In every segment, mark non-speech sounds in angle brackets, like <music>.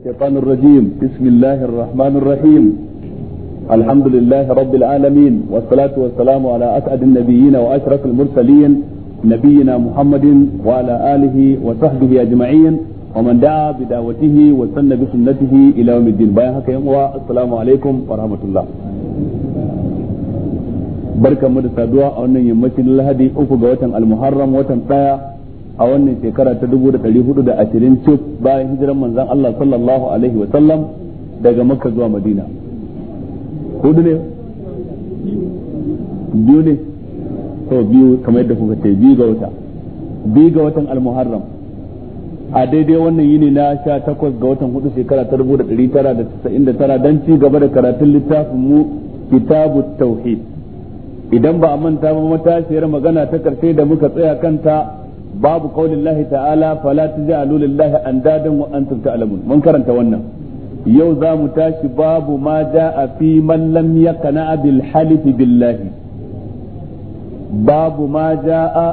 الشيطان الرجيم بسم الله الرحمن الرحيم الحمد لله رب العالمين والصلاة والسلام على أسعد النبيين وأشرف المرسلين نبينا محمد وعلى آله وصحبه أجمعين ومن دعا بدعوته وسن بسنته إلى يوم الدين بايعك والسلام عليكم ورحمة الله barkan mu da saduwa a wannan yammacin lahadi uku ga watan almuharram watan tsaya a wannan shekara ta 1420 cif bayan hijiran manzan Allah sallallahu alaihi wa sallam daga Makka zuwa Madina hudu ne biyu ne to biyu kamar yadda kuka ce biyu ga wata biyu ga watan al-Muharram a daidai wannan yini na sha takwas ga watan hudu shekara ta rubu da ɗari tara da casa'in da tara don ci gaba da karatun littafin mu kitabu tauhid idan ba a manta ba matashiyar magana ta karshe da muka tsaya kanta babu qaulin ta'ala fala taj'alu lillahi andadan wa antum ta'lamun mun karanta wannan yau za mu tashi babu ma ja'a fi man lam yaqna bil halif billahi babu ma ja'a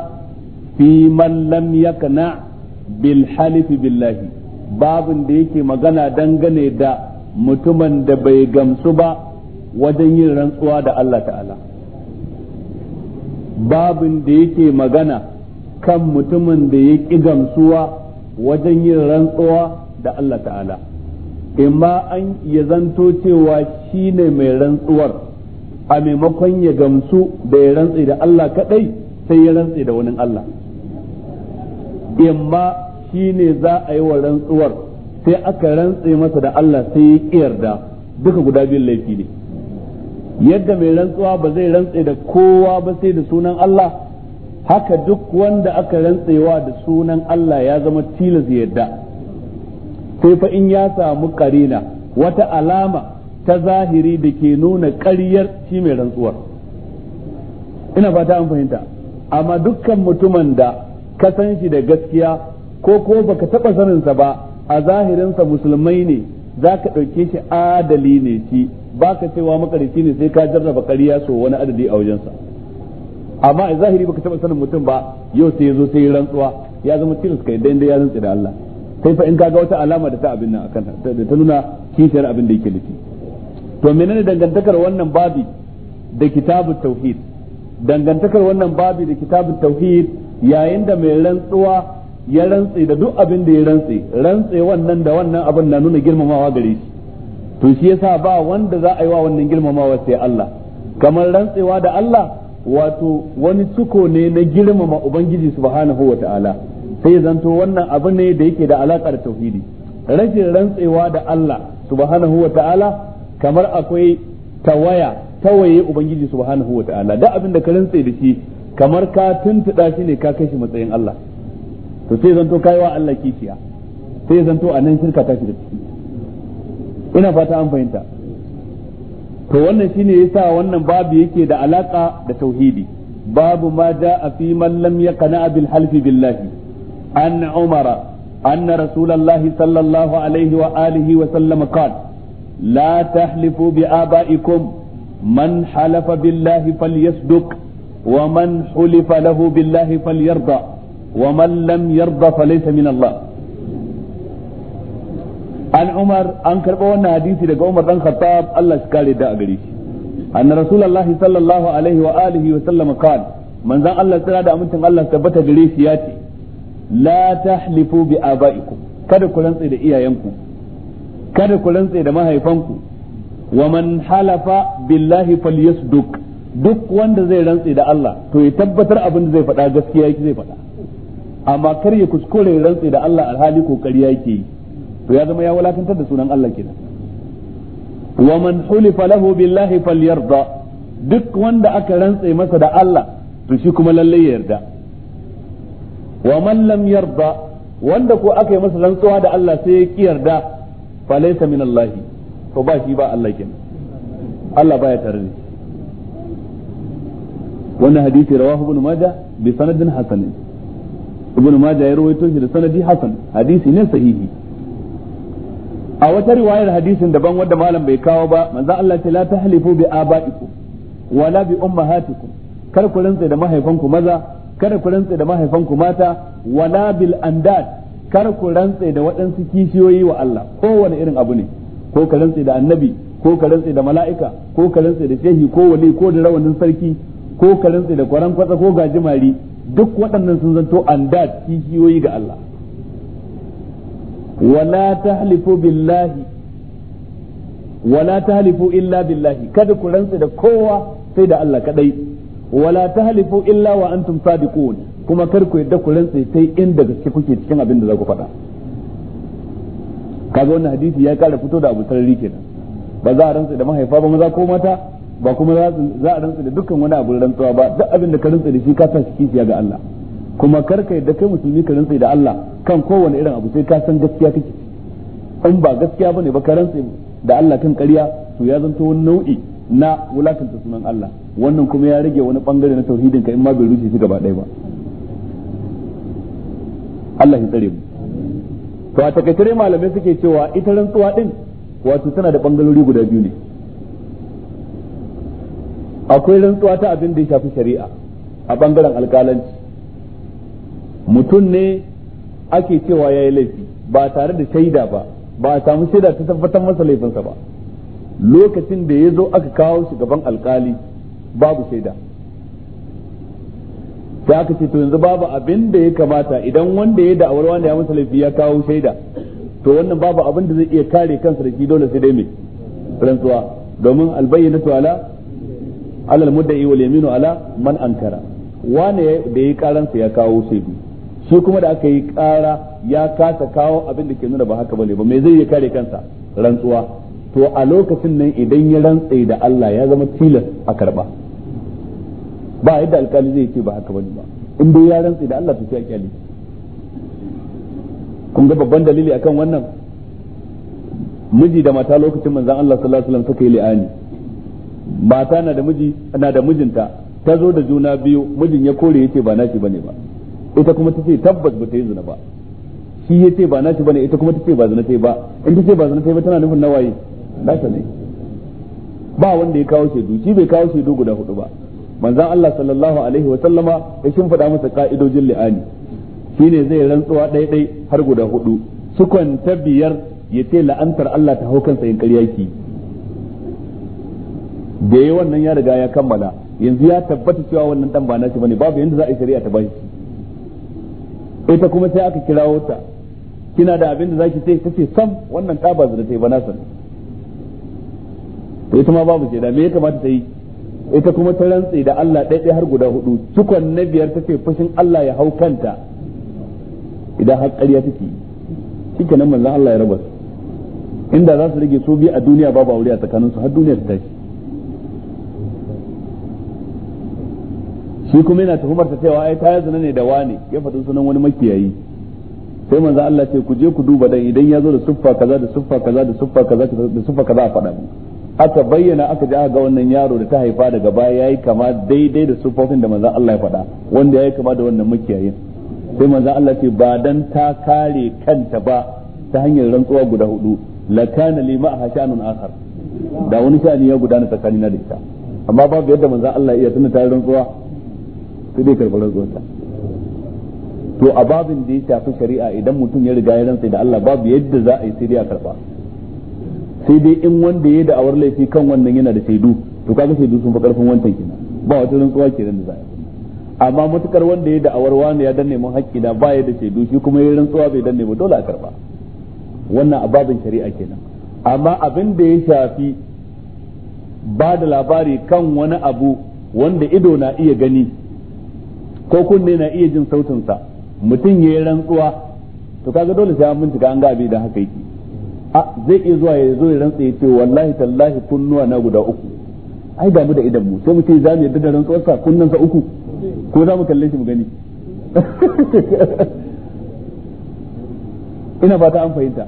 fi man lam yaqna bil halif billahi babin da yake magana dangane da mutumin da bai gamsu ba wajen yin rantsuwa da Allah ta'ala babin da yake magana kan mutumin da ya ƙi gamsuwa wajen yin rantsuwa da Allah ta'ala in ma an ya zanto cewa shi ne mai rantsuwar a maimakon ya gamsu da ya rantsi da Allah kaɗai sai ya rantsi da wani Allah ma shi ne za a yi wa rantsuwar sai aka rantse masa da Allah sai ya ƙi yarda duka guda biyun laifi ne yadda mai rantsuwa ba zai rantse da kowa ba sai da sunan Allah haka duk wanda aka rantsewa da sunan Allah ya zama tilas yadda sai fa in ya samu karina wata alama ta zahiri da ke nuna ƙaryar shi mai rantsuwar ina fata an fahimta amma dukkan mutumin da ka san shi da gaskiya ko ko baka taɓa saninsa ba a zahirinsa musulmai ne za ka ɗauke shi adali ne shi ba ka cewa makarici ne sai ka jarraba ƙarya so wani adadi a wajensa. amma a zahiri baka taba sanin mutum ba yau sai ya zo sai ya rantsuwa ya zama tilas kai dai ya rantsi da Allah sai fa in kaga wata alama da ta abin nan akan da ta nuna kishiyar abin da yake nufi to menene dangantakar wannan babi da kitabut tauhid dangantakar wannan babi da kitabut tauhid yayin da mai rantsuwa ya rantsi da duk abin da ya rantsi rantsi wannan da wannan abin na nuna girmamawa gare shi to shi yasa ba wanda za a yi wa wannan girmamawa sai Allah kamar rantsewa da Allah wato wani suko ne na girmama ubangiji subhanahu ta'ala sai zanto wannan abu ne da yake da alaƙa da tauhidi rashin rantsewa da Allah subhanahu ta'ala kamar akwai tawaya tawaye ubangiji subhanahu ta'ala da abin da ka rantse da shi kamar ka tuntuɗa shi ne ka kai shi matsayin Allah to sai zanto kaiwa Allah kishiya sai zanto a nan shirka ta shi da ciki ina fata an fahimta to wannan shi shine yasa wannan babu yake da alaƙa da tauhidi babu ma jaa fi man lam yaqna bil halfi billahi an umara anna rasulullahi sallallahu alaihi wa sallam qala la tahlifu bi abaikum man halafa billahi falyasduq wa man hulifa lahu billahi falyarda wa man yarda falaysa min Allah an umar an karɓo wannan hadisi daga umar dan khattab Allah shi kare da a gare shi anna rasulullahi sallallahu alaihi wa alihi wa sallama qala manzon Allah tsira da amincin Allah tabbata gare shi ya ce la tahlifu bi abaikum kada ku rantsa da iyayenku kada ku rantsa da mahaifanku wa man halafa billahi falyasduq duk wanda zai rantsa da Allah to ya tabbatar abin da zai faɗa gaskiya yake zai faɗa amma kar ya kuskure rantsa da Allah alhali ko ƙarya yake yi to ya zama ya walakantar da sunan Allah kenan wa man hulifa lahu billahi falyarda duk wanda aka rantsa masa da Allah to shi kuma lalle ya yarda wa man lam yarda wanda ko aka yi masa rantsuwa da Allah sai ya ki yarda fa laysa min Allah to ba shi ba Allah kenan Allah baya tare da wannan hadisi rawahu ibn majah bi sanadin hasan ibn majah ya rawaito shi da sanadi hasan hadisi ne sahihi a wata riwayar hadisin daban wadda malam bai kawo ba manzo Allah ce la tahlifu bi abaikum wala bi ummahatikum kar ku rantsa da mahaifanku maza kar ku rantsa da mahaifanku mata wala bil andad kar ku rantsa da waɗansu kishiyoyi wa Allah kowane irin abu ne ko ka rantsa da annabi ko ka rantsa da mala'ika ko ka rantsa da shehi ko wali ko da rawanin sarki ko ka rantsa da kwaran kwatsa ko gajimari duk waɗannan sun zanto andad kishiyoyi ga Allah wala tahlifu billahi wala tahlifu illa billahi kada ku rantsa da kowa sai da Allah kadai wala tahlifu illa wa antum sadiqun kuma kar ku yadda ku rantsa sai inda gaske kuke cikin abin da za ku faɗa kaga wannan hadisi ya kara fito da abu sarari kenan ba za a rantsa da mahaifa ba maza ko mata ba kuma za a rantsa da dukkan wani abu rantsuwa ba duk abin da ka rantsa da shi ka sa shi ga Allah kuma karka yadda kai musulmi ka rantsi da Allah kan kowane irin abu sai ka san gaskiya kake in ba gaskiya bane ba ka rantsi da Allah kan ƙarya to ya zanto wani nau'i na wulakanta sunan Allah wannan kuma ya rage wani bangare na tauhidin ka in ma bai rushe shi gaba ɗaya ba Allah ya tsare mu to a takaice malamai suke cewa ita rantsuwa din wato tana da bangarori guda biyu ne akwai rantsuwa ta abin da ya shafi shari'a a bangaren alƙalanci mutum ne ake cewa ya yi laifi ba tare da shaida ba ba a samu shaida ta tabbatar masa laifinsa ba lokacin da ya zo aka kawo shi gaban alkali babu shaida sai aka ce to yanzu babu abin da ya kamata idan wanda ya da'awar wanda ya masa laifi ya kawo shaida to wannan babu abin da zai iya kare kansa da shi dole sai dai mai rantsuwa domin albayyinatu ala alal mudda'i wal yaminu ala man ankara wane da yayi karansa ya kawo shaidu shi kuma da aka yi kara ya kasa kawo abin da ke nuna ba haka bane ba me zai yi kare kansa rantsuwa to a lokacin nan idan ya rantse da Allah ya zama tilas a karba ba yadda alkali zai ce ba haka bane ba in dai ya rantse da Allah to sai alkali kun ga babban dalili akan wannan miji da mata lokacin manzon Allah sallallahu alaihi wasallam suka yi li'ani mata na da miji na da mijinta ta zo da juna biyu mijin ya kore yace ba naki bane ba ita kuma ta ce tabbas ba ta yi zina ba shi ya ce ba na ci bane ita kuma ta ce ba zina ta yi ba in ta ce ba zina ta yi ba tana nufin nawaye ta ne ba wanda ya kawo shaidu shi bai kawo shaidu guda hudu ba manzan Allah sallallahu alaihi wa sallama ya shimfida masa ka'idojin li'ani shine zai rantsuwa ɗai ɗai har guda hudu sukan ta biyar ya ce la'antar Allah ta hau kansa yin ƙarya ki da yi wannan ya riga ya kammala yanzu ya tabbata cewa wannan dan ba na ba bane babu yanda za a yi shari'a ta bashi ita kuma sai aka kirawo ta kina da abin da zaki ce kace sam wannan ta ba ta yi ba na san to ita ma babu da me ya kamata ta yi ita kuma ta rantsi da Allah ɗaya har guda hudu cikon na biyar ta fushin Allah ya hau kanta idan har ƙarya take shikenan manzon Allah ya raba inda za su rage su bi a duniya babu aure a tsakaninsu har duniya ta tashi shi kuma yana tuhumar ta cewa ai ta zina ne da wane ya faɗi sunan wani makiyayi sai manzo Allah ce ku je ku duba dan idan ya zo da siffa kaza da siffa kaza da siffa kaza da siffa kaza a faɗa aka bayyana aka ji aka ga wannan yaro da ta haifa daga baya yayi kama daidai da siffofin da manzo Allah ya faɗa wanda yayi kama da wannan makiyayin sai manzo Allah ce ba dan ta kare kanta ba ta hanyar rantsuwa guda hudu la kana li ma'a hashanun akhar da wani sha'ani ya gudana tsakanina da ita amma babu yadda manzo Allah ya tuna ta rantsuwa sai dai karɓar rantsuwarsa to a babin da ya shafi shari'a idan mutum ya riga ya rantsa da Allah babu yadda za a yi sai dai a karɓa sai dai in wanda ya da'awar laifi kan wannan yana da shaidu to kaga shaidu sun fi karfin wancan kenan ba wata rantsuwa kenan da za a yi amma matukar wanda ya da'awar wani ya danne mun haƙƙi na baya da shaidu shi kuma ya rantsuwa bai danne ba dole a karba wannan a babin shari'a kenan amma abin da ya shafi ba da labari kan wani abu wanda ido na iya gani ko kunne na iya jin sautin sa mutum ya yi rantsuwa to kaga dole sai an bincika an ga abin da haka yake a zai iya zuwa ya zo ya rantsa ya ce wallahi tallahi kunnuwa na guda uku ai damu da idan mu sai mu ce za mu yadda da rantsuwar sa kunnan sa uku ko za mu kalle shi mu gani <laughs> ina ba ta an fahimta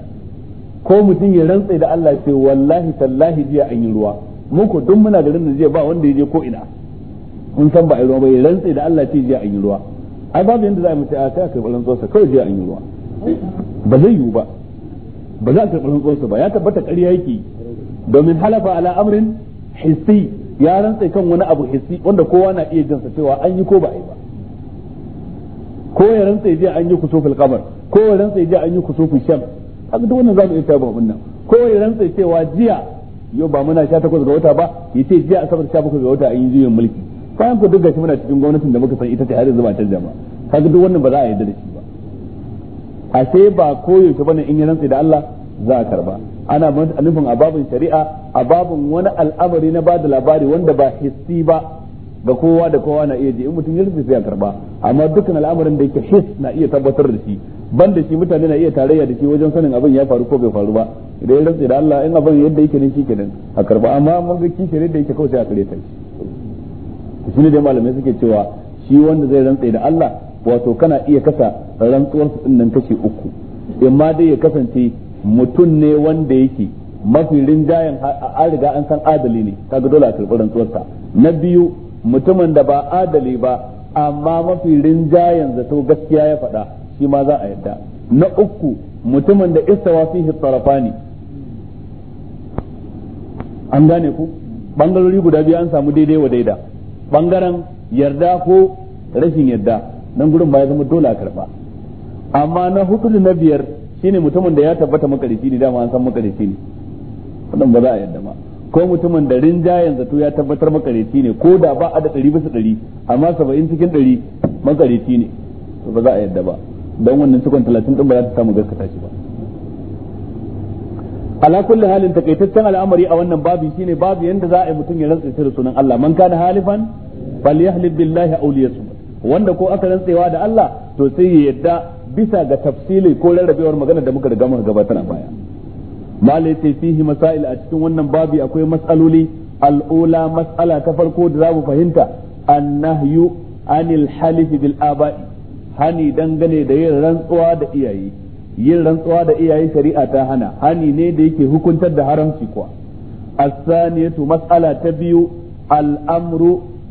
ko mutum ya rantsa da Allah ce wallahi tallahi jiya an yi ruwa mu ko duk muna garin da jiya ba wanda ya je ko ina in san ba a yi ruwa ba ya rantse da Allah ce jiya an yi ruwa ai babu yadda za a mutu a a karɓi rantsuwarsa kawai jiya an yi ruwa ba zai yiwu ba ba za a karɓi rantsuwarsa ba ya tabbata ƙarya yake domin halafa ala amrin hissi ya rantse kan wani abu hissi wanda kowa na iya jinsa cewa an yi ko ba a yi ba ko ya rantse jiya an yi kusufil kamar ko ya rantse jiya an yi kusufil sham haka duk wannan za mu iya tabbata abin nan ko ya rantse cewa jiya yau ba muna takwas ga wata ba ce jiya asabar bakwai ga wata an yi juyin mulki bayan ku duk gashi muna cikin gwamnatin da muka san ita ce har zuwa ba jama'a kaga duk wannan ba za a yarda da shi ba ashe ba koyaushe bane in ya sai da Allah za a karba ana nufin a ababin shari'a a wani al'amari na bada labari wanda ba hissi ba ga kowa da kowa na iya ji in mutum ya rufe sai a karba amma dukkan al'amarin da yake his na iya tabbatar da shi ban da shi mutane na iya tarayya da shi wajen sanin abin ya faru ko bai faru ba idan ya rantsa da Allah in abin yadda yake ne shi kenan a karba amma mun ga kishi da yake kawai sai a kare ta shi ne dai malamai suke cewa shi wanda zai rantse da Allah wato kana iya kasa rantsuwar su din nan kashi uku ma dai ya kasance mutum ne wanda yake mafi rinjayen an riga an san adali ne kaga dole a karɓi rantsuwarsa na biyu mutumin da ba adali ba amma mafi rinjayen zato gaskiya ya faɗa shi ma za a yadda na uku mutumin da istawa fihi tarafani an gane ku bangarori guda biyu an samu daidai wa daidai. bangaren yarda ko rashin yarda nan gurin ba ya zama dole a karba amma na hudu da na biyar shine mutumin da ya tabbata makarici ne dama an san makarici ne wannan ba za a yarda ba ko mutumin da rinjayen zato ya tabbatar makarici ne ko da ba a da ɗari bisa ɗari amma saba'in cikin ɗari makarici ne ba za a yarda ba don wannan cikon talatin ɗin ba za ta samu gaskata shi ba ala kulli halin takaitaccen al'amari a wannan babu shine babu yanda za a yi mutum ya rantsa shi da sunan Allah man kana halifan billahi awliyatu wanda ko aka rantsewa da Allah to sai ya yadda bisa ga tafsili ko rarrabewar magana da muka riga muka gabatar a baya malai ta fihi masail a cikin wannan babu akwai mas'aloli al'ula mas'ala ta farko da zamu fahimta annahyu anil halifi bil aba'i hani dangane da yin rantsuwa da iyaye yin rantsuwa da iyayen shari'a ta hana hani ne da yake hukuntar da haramci kuwa asaniyatu mas'ala ta biyu al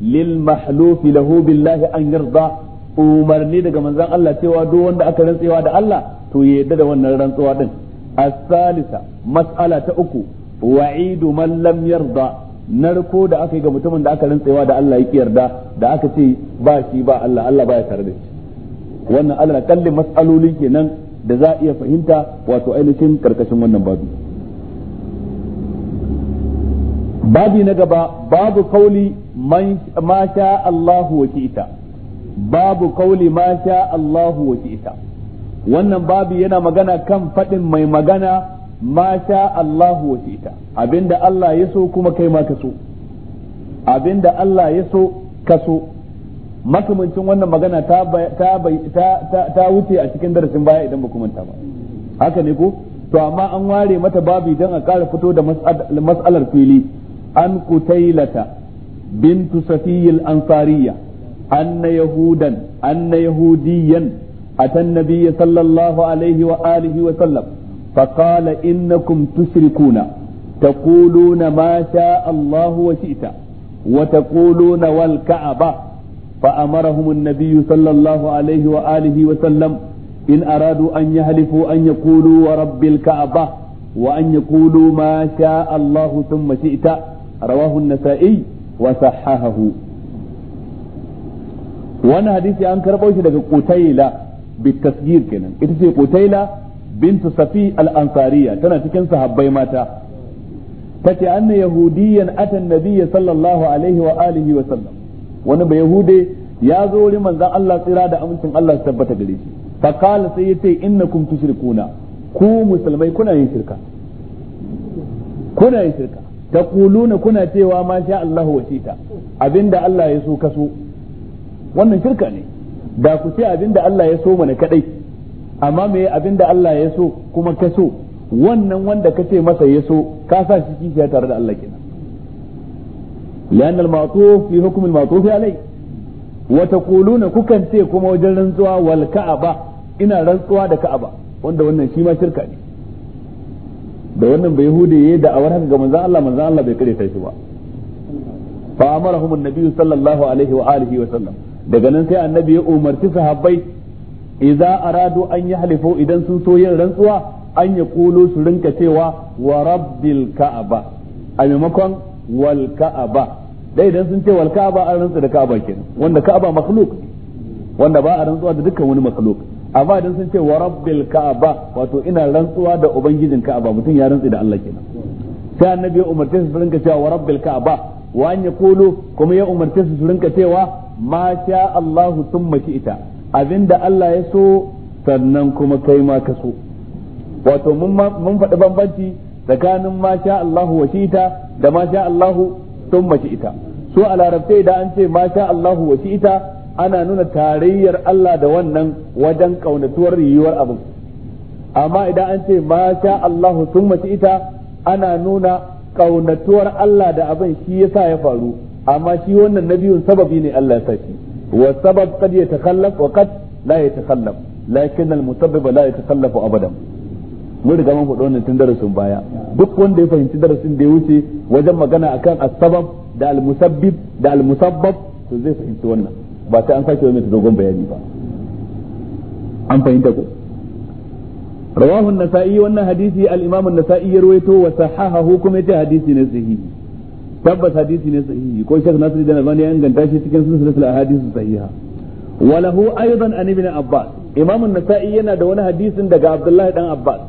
lil mahlufi lahu billahi an yarda umarni daga manzon Allah cewa duk wanda aka rantsewa da Allah to ya da wannan rantsuwa din asalisa mas'ala ta uku wa'idu man lam yarda narko da aka yi ga mutumin da aka rantsewa da Allah yake yarda da aka ce ba shi ba Allah Allah baya tare da shi wannan Allah kallin mas'alolin kenan da za a iya fahimta wato ainihin karkashin wannan babu babi na gaba babu kauli ma sha Allahu wa ita babu kauli ma sha Allahu wa ita wannan babi yana magana kan faɗin mai magana ma sha Allahu wa ita abinda Allah ya so kuma kai ma ka so abinda Allah ya so ka so makamancin wannan magana ta wuce a cikin darasin baya idan baku manta ba haka ne ko to amma an ware mata babu idan a ƙara fito da mas'alar fili an kutailata bintu safiyil ansariya anna yahudan anna yahudiyan atan nabiy sallallahu alaihi wa alihi wa sallam taquluna ma sha Allahu wa shi'ta wa taquluna wal ka'aba فأمرهم النبي صلى الله عليه وآله وسلم إن أرادوا أن يهلفوا أن يقولوا ورب الكعبة وأن يقولوا ما شاء الله ثم شئت رواه النسائي وصححه وانا حديثي أن كربوش لك قتيلة بالتسجيل كنا إتسي قتيلة بنت صفي الأنصارية تنا تكن صحابي ماتا تتي أن يهوديا أتى النبي صلى الله عليه وآله وسلم wani ba yahude ya zo wurin manzan Allah tsira da amincin Allah su tabbata gare shi sai ya ce yace innakum tushrikuna ku musulmai kuna yin shirka kuna yin shirka Ta kuluna kuna cewa ma sha Allah ta. abinda Allah ya so kaso wannan shirka ne da ku ce abinda Allah ya so mana kadai amma me abinda Allah ya so kuma kaso wannan wanda kace masa ya so ka sa shi kishiya tare da Allah kenan lian al-ma'tuf fi hukm al-ma'tuf alai wa taquluna kukan ce kuma wajen rantsuwa wal ka'aba ina rantsuwa da ka'aba wanda wannan shi ma shirka ne da wannan bai hude yayi da awar haka ga manzon Allah manzon Allah bai kare shi ba fa amarahum an-nabi sallallahu alaihi wa alihi wa sallam daga nan sai annabi ya umarci sahabbai idza aradu an yi halifo idan sun so yin rantsuwa an ya kulo su rinka cewa wa rabbil ka'aba a maimakon wal dai idan sun ce wal ka'aba an rantsa da ka'aba kenan wanda ka'aba makhluk wanda ba a rantsuwa da dukkan wani makhluk amma idan sun ce wa rabbil ka'aba wato ina rantsuwa da ubangijin ka'aba mutum ya rantsa da Allah kenan sai annabi ya umarce su rinka cewa wa rabbil ka'aba wa an yaqulu kuma ya umarce su rinka cewa ma sha Allah thumma ita abinda Allah ya so sannan kuma kai ma ka so wato mun faɗi bambanci tsakanin ma sha Allah wa shi'ita da ma sha Allah mace ita su a larabce idan an ce ma Allahu wa ita ana nuna tarayyar Allah da wannan wajen kaunatuwar yiwuwar abin amma idan an ce ma allahu sun mace ita ana nuna kaunatuwar Allah da abin shi yasa ya faru amma shi wannan nabiyun sababi ne Allah ya sa shi wa sabab qad yatakhallaf wa qad la yatakhallaf lakin al-musabbib la yatakhallafu abadan mun riga mun faɗi wannan tun darasin baya duk wanda ya fahimci darasin da ya wuce wajen magana akan asbab da almusabbib da almusabbab to zai fahimci wannan ba sai an sake wani dogon bayani ba an fahimta ko hadisi al-imam an-nasa'i النسائي wa sahahahu kuma يتي hadisi ne sahihi tabbas hadisi ne sahihi ko shek nasir da albani ya inganta shi cikin silsilatul ahadith sahiha wa lahu aidan an ibn abbas imam an-nasa'i yana da wani hadisin daga abdullahi dan abbas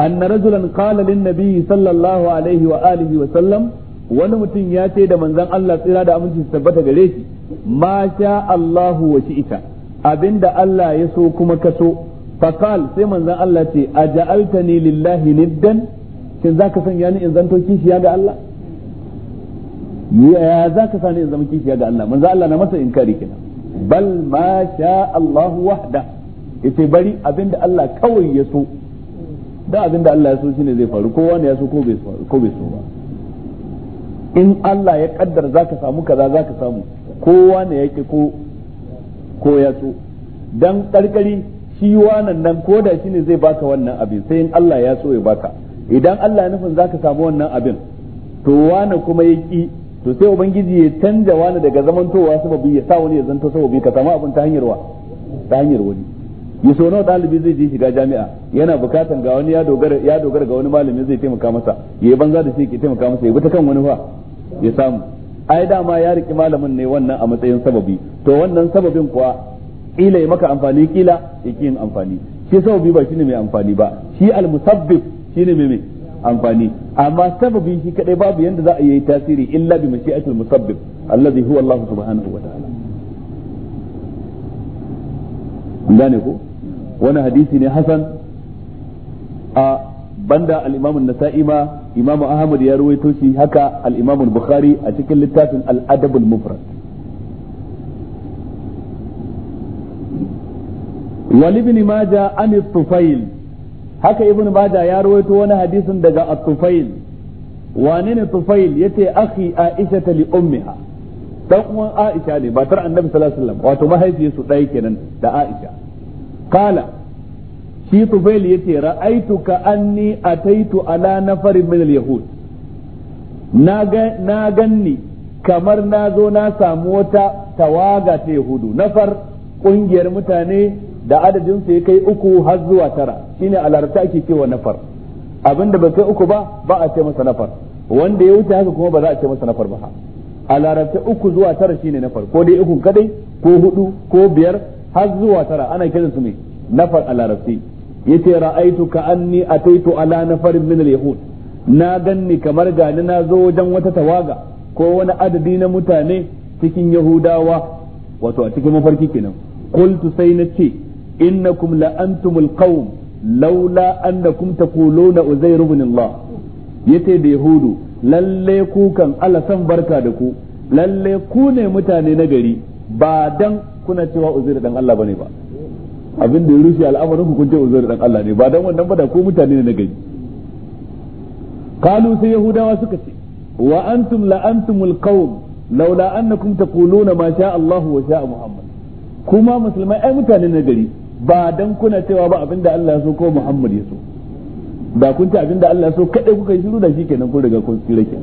أن رجلا قال للنبي صلى الله عليه وآله وسلم wani mutum ya ce da manzan Allah tsira da aminci su tabbata gare shi ma sha Allahu wa abinda Allah ya so kuma ka so faqal sai manzan Allah ce aja'altani lillahi niddan shin zaka sanya ni in zanto kishiya ga Allah ya zaka sani in zama kishiya ga Allah manzan Allah na masa inkari kenan bal ma Allahu wahda yace bari abinda Allah kawai ya so da abin da Allah ya so shine zai faru kowa ne ya so ko bai so ba in Allah ya kaddara zaka samu kaza zaka samu kowa ne yake ko ko ya so dan karkari shi wannan nan ko da shine zai baka wannan abin sai in Allah ya so ya baka idan Allah ya nufin zaka samu wannan abin to wani kuma ya ki to sai ubangiji ya canja wani daga zamantowa sababi ya sa wani ya zanto sababi ka samu abin ta hanyar wa ta hanyar wani ya so nawa ɗalibi zai je shiga jami'a yana bukatan ga wani ya dogara ga wani malami zai taimaka masa ya yi banza da shi ke taimaka masa ya bi ta kan wani fa ya samu ai dama ya riki malamin ne wannan a matsayin sababi to wannan sababin kuwa kila ya maka amfani kila ya ki yin amfani shi sababi ba shine mai amfani ba shi almusabbib shine mai mai amfani amma sababi shi kadai babu yanda za a yi tasiri illa bi mashi'atul musabbib allazi huwa Allah subhanahu wa ta'ala gane ko wani hadisi ne hasan a banda al nasai ma ahmad ya ruwaito shi haka al bukhari a cikin littafin al-adab al-mufrad wal ibn an tufail haka ibn maja ya ruwaito wani hadisin daga at-tufail wane ne tufail yace akhi aisha li ummiha dan uwan aisha ne ba tar annabi sallallahu alaihi wasallam wato mahaifiyarsu ɗaya kenan da aisha qala shi tufail yace ra'aitu ka anni ataitu ala nafarin min al-yahud na ga na ganni kamar na zo na samu wata tawaga ta yahudu nafar kungiyar mutane da adadin su ya kai uku har zuwa tara shine a ake cewa nafar abinda bai kai uku ba ba a ce masa nafar wanda ya wuce haka kuma ba za a ce masa nafar ba a larabta uku zuwa tara shine nafar ko dai uku kadai ko hudu ko biyar har zuwa tara ana kiran su ne nafar a larabci yace ra'aitu ka anni ataitu ala nafarin min al-yahud na ganni kamar gani na zo wajen wata tawaga ko wani adadi na mutane cikin yahudawa wato a cikin mafarki kenan qultu sai na ce innakum la antumul qawm laula annakum taquluna uzair ibn allah yace da yahudu lalle ku kan Allah san barka da ku lalle ku ne mutane na gari ba dan kuna cewa uzuri dan Allah bane ba abin da ya rushe al'amarin ku kun ce uzuri dan Allah ne ba dan wannan ba da ko mutane ne na gari kalu sai yahudawa suka ce wa antum la antumul qawm laula annakum taquluna ma sha Allah wa sha Muhammad kuma musulmai ai mutane na gari ba dan kuna cewa ba abin da Allah ya so ko Muhammad ya so da kun ci abin da Allah ya so kadai kuka yi shiru da shi kenan kun riga kun tsira ke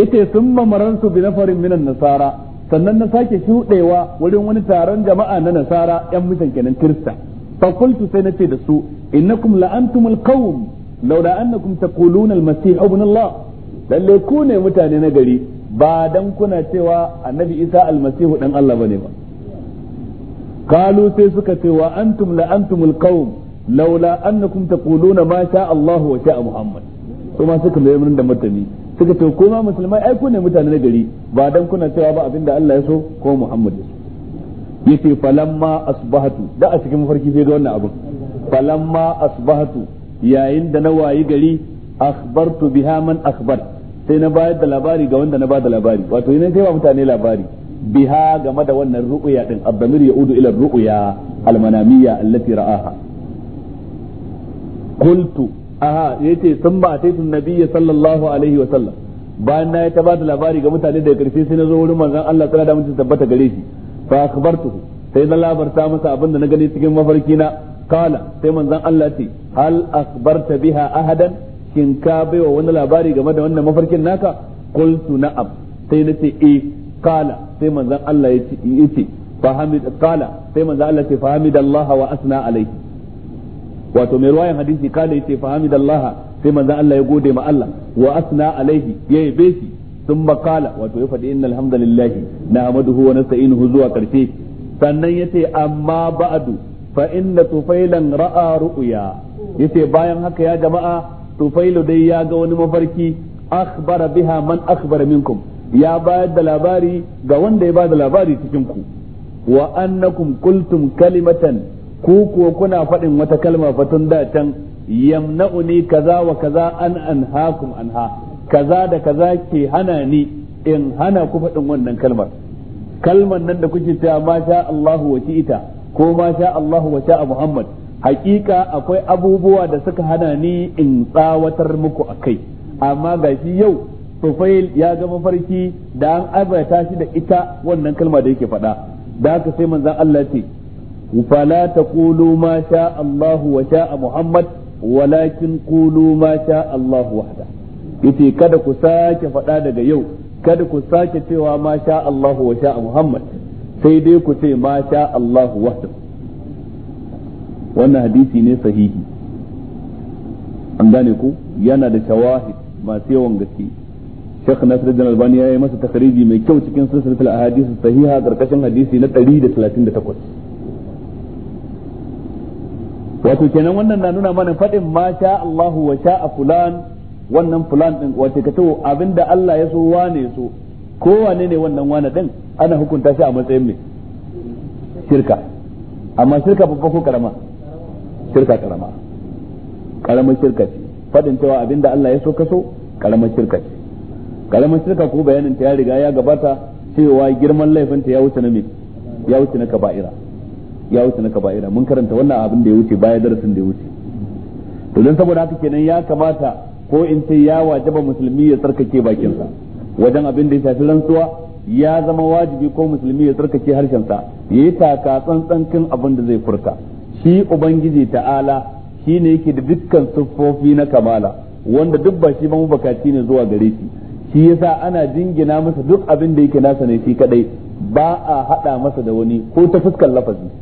yace summa maransu bi nafarin minan nasara sannan na sake shuɗewa wurin wani taron jama'a na nasara yan mutan kenan kirista fa qultu sai nace da su innakum la'antumul qawm laula annakum taquluna al ibn Allah lalle ku ne mutane na gari ba dan kuna cewa annabi Isa almasihu dan Allah bane ba kalu sai suka ce wa antum la antumul qawm laula annakum taquluna ma sha Allah wa sha Muhammad to ma suka mai da mutane suka ce ko ma musulmai ai ku ne mutane na gari ba dan kuna cewa ba abin da Allah ya so ko Muhammad ya so yace falamma asbahatu da a cikin mafarki sai ga wannan abin falamma asbahatu yayin da na wayi gari akhbartu biha man akhbar sai na bayar da labari ga wanda na da labari wato ina kai wa mutane labari biha game da wannan ru'uya din abdamir yaudu ila ru'uya almanamiyya allati ra'aha qultu aha yace sun ba taitun nabiyyi sallallahu alaihi wa sallam bayan na ta ba da labari ga mutane daga karshe sai na zo wurin manzon Allah tsara da mutum tabbata gare shi fa akhbartuhu sai na labarta masa abin da na gani cikin mafarki na kala sai manzon Allah ce hal akhbarta biha ahadan kin ka baiwa wani labari game da wannan mafarkin naka qultu na'am sai na ce eh kala sai manzon Allah ya ce fa hamid kala sai manzon Allah ce fa hamidallah wa asna alaihi wato mai ruwayan hadisi kada yace fa hamidallaha sai manzon Allah ya gode ma Allah wa asna alaihi ya yabe shi sun makala wato ya faɗi innal hamdalillahi na amaduhu wa nasta'inuhu zuwa karshe sannan yace amma ba'du fa inna tufailan ra'a ru'ya yace bayan haka ya jama'a tufailu dai ya ga wani mafarki akhbara biha man akhbara minkum ya bayar da labari ga wanda ya bada labari cikin ku wa annakum qultum kalimatan ko kuwa kuna faɗin wata kalma fatun da can yamna'uni kaza wa kaza an anhaakum anha kaza da kaza ke hana ni in hana ku faɗin wannan kalmar kalman nan da kuke cewa ma sha Allahu wa ita ko ma sha Allahu wa sha Muhammad hakika akwai abubuwa da suka hana ni in tsawatar muku akai amma ga shi yau Tufail ya ga mafarki da an abata shi da ita wannan kalma da yake faɗa da haka sai manzon Allah ce فلا تقولوا ما شاء الله وشاء محمد ولكن قولوا ما شاء الله وحده yace kada ku sake fada daga yau kada ku sake cewa ma sha Allah wa sha Muhammad sai dai ku ce ma sha Allah wahdahu wannan hadisi ne sahihi an gane ku yana da shawahid masu yawan gaske Sheikh Nasiruddin Albani ya yi masa takariji mai kyau cikin silsilatul ahadith sahiha karkashin hadisi na 138 wato kenan wannan na nuna mana faɗin ma sha Allahu wa sha fulan wannan fulan din wato ka to abinda Allah ya so wane so ko wane ne wannan wane din ana hukunta shi a matsayin me shirka amma shirka babba ko karama shirka karama karamar shirka ce faɗin cewa abinda Allah ya so ka so karamar shirka ce karamar shirka ko bayanin ta ya riga ya gabata cewa girman laifinta ya wuce na me ya wuce na kaba'ira ya wuce na kaba'ira mun karanta wannan abin da ya wuce baya darasin da ya wuce to dan saboda haka kenan ya kamata ko in ce ya wajaba musulmi ya tsarkake bakinsa wajen abin da ya shafi rantsuwa ya zama wajibi ko musulmi ya tsarkake harshensa yayi taka tsantsan kin abin da zai furta shi ubangiji ta'ala shine yake da dukkan siffofi na kamala wanda duk ba shi ba mabakaci ne zuwa gare shi shi yasa ana jingina masa duk abin da yake nasa ne shi kadai ba a hada masa da wani ko ta fuskar lafazi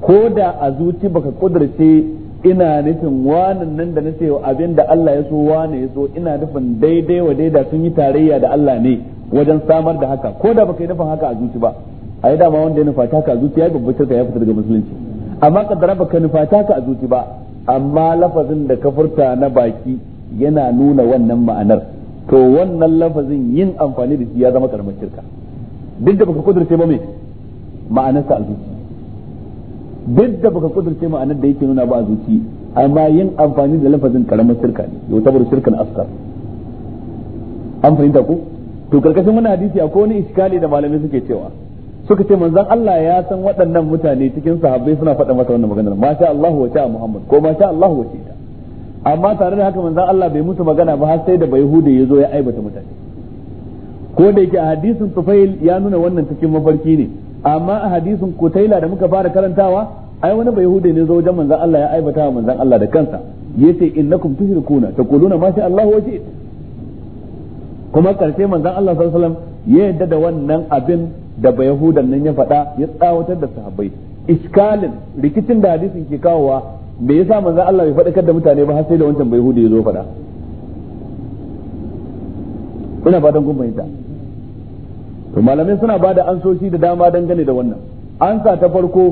ko da a zuci baka kudurce ina nufin wanan nan da na abin da Allah ya so wane ya so ina nufin daidai wa daida sun yi tarayya da Allah ne wajen samar da haka ko da baka yi nufin haka a zuci ba a yi dama wanda ya nufa ta ka a zuci ya babbace ta ya fita daga musulunci amma kaddara baka nufa ta ka a zuci ba amma lafazin da ka furta na baki yana nuna wannan ma'anar to wannan lafazin yin amfani da shi ya zama karamar shirka duk da baka kudurce ba me ma'anarsa a zuci duk da baka kudurce anan da yake nuna ba a zuci amma yin amfani da lafazin karamar shirka ne yau tabar shirkan askar an fahimta ko to karkashin wani hadisi akwai wani iskali da malamai suke cewa suka ce manzon Allah ya san waɗannan mutane cikin sahabbai suna faɗa masa wannan maganar sha Allahu wa ta'a Muhammad ko sha Allahu wa ta amma tare da haka manzon Allah bai mutu magana ba har sai da Yahuda ya zo ya aibata mutane ko da yake a hadisin Tufail ya nuna wannan cikin mafarki ne amma a hadisin kutaila da muka fara karantawa ai wani bai hude ne zo wajen manzon Allah ya aibata wa manzon Allah da kansa yace innakum tushrikuna taquluna ma sha Allah wa ji'it kuma karshe manzon Allah sallallahu alaihi wasallam ya yadda da wannan abin da bai hudan nan ya faɗa ya tsawatar da sahabbai iskalin rikicin da hadisin ke kawowa me yasa manzon Allah bai faɗakar da mutane ba har sai da wancan bai hude ya zo faɗa ina fatan kun fahimta to malamai suna bada ansoshi da dama dangane da wannan ansa ta farko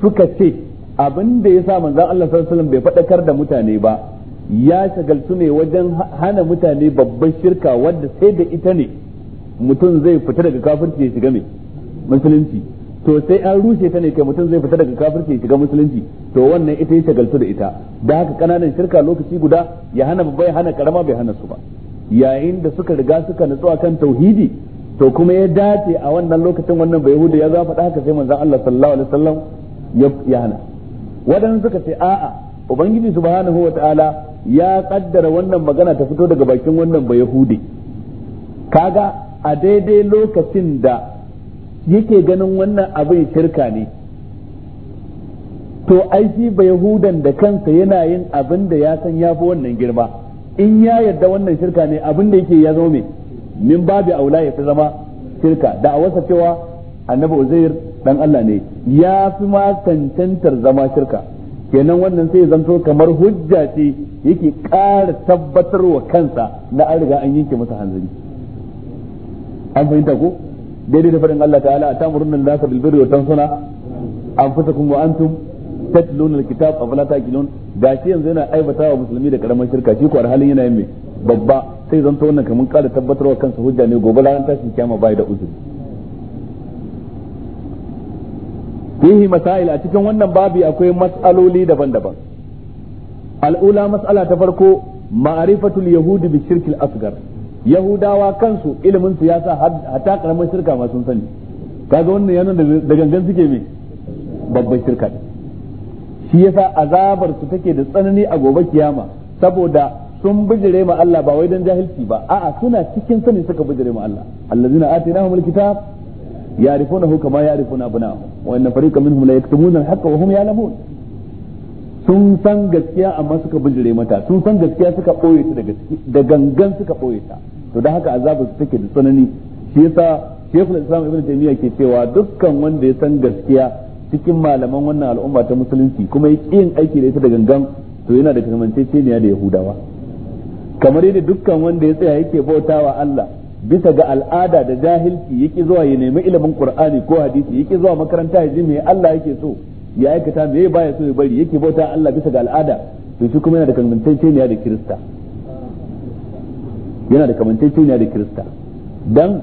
suka ce abin da yasa manzan Allah sallallahu alaihi bai faɗakar da mutane ba ya shagaltu ne wajen hana mutane babban shirka wadda sai da ita ne mutum zai fita daga kafirci ya shiga musulunci to sai an rushe ta ne kai mutum zai fita daga kafirci ya shiga musulunci to wannan ita ya shagaltu da ita da haka kananan shirka lokaci guda ya hana babba ya hana karama bai hana su ba yayin da suka riga suka nutsuwa kan tauhidi to kuma ya dace a wannan lokacin wannan bai hudu ya za faɗa haka sai manzan Allah sallallahu alaihi wasallam ya hana waɗansu suka ce a'a ubangiji subhanahu wataala ya kaddara wannan magana ta fito daga bakin wannan bai hudu kaga a daidai lokacin da yake ganin wannan abin shirka ne to ai shi bai da kansa yana yin abin da ya san yafi wannan girma in ya yarda wannan shirka ne abin da yake ya zo mai min babi aula ya fi zama shirka da a wasa cewa annabi uzair dan Allah ne ya fi ma cancantar zama shirka kenan wannan sai zanto kamar hujja ce yake ƙara tabbatar wa kansa na an riga an yanke masa hanzari an fahimta ko daidai da faɗin Allah ta'ala a tamurun nan zaka bilbir wa tansuna anfusakum wa antum kitab a afala taqilun gashi yanzu yana aibata wa musulmi da karamar shirka shi ko alhalin halin yana yin mai babba sai zanto wannan kamar kada tabbatarwa kansa hujja ne gobe ranar tashin kiyama bai da uzuri fihi masail a cikin wannan babi akwai mas'aloli daban-daban al'ula mas'ala ta farko ma'rifatul yahudi bi shirkil asgar yahudawa kansu ilimin su ya sa hatta karamar shirka ma sun sani kaga wannan yana da gangan suke me babban shirka shi yasa azabar su take da tsanani a gobe kiyama saboda sun bijire ma Allah ba wai dan jahilci ba a'a suna cikin sani suka bijire ma Allah allazina atainahumul kitab ya'rifunahu kama ya'rifuna abna'ahum wa inna fariqan minhum la yaktumuna al-haqqa wa hum ya'lamun sun san gaskiya amma suka bijire mata sun san gaskiya suka boye ta da gangan suka boye ta to dan haka azabu su take da tsanani shi yasa Sheikhul Islam Ibn Taymiyyah ke cewa dukkan wanda ya san gaskiya cikin malaman wannan al'umma ta musulunci kuma yake yin aiki da ita da gangan to yana da kamanceceniya da Yahudawa kamar yadda dukkan wanda ya tsaya yake bautawa Allah bisa ga al'ada da jahilci yake zuwa ya nemi ilimin qur'ani ko hadisi yake zuwa makaranta ya ji me Allah yake so ya aikata me baya so ya bari yake bauta Allah bisa ga al'ada to shi kuma yana da kamanceceniya da Kirista yana da kamanceceniya da Kirista dan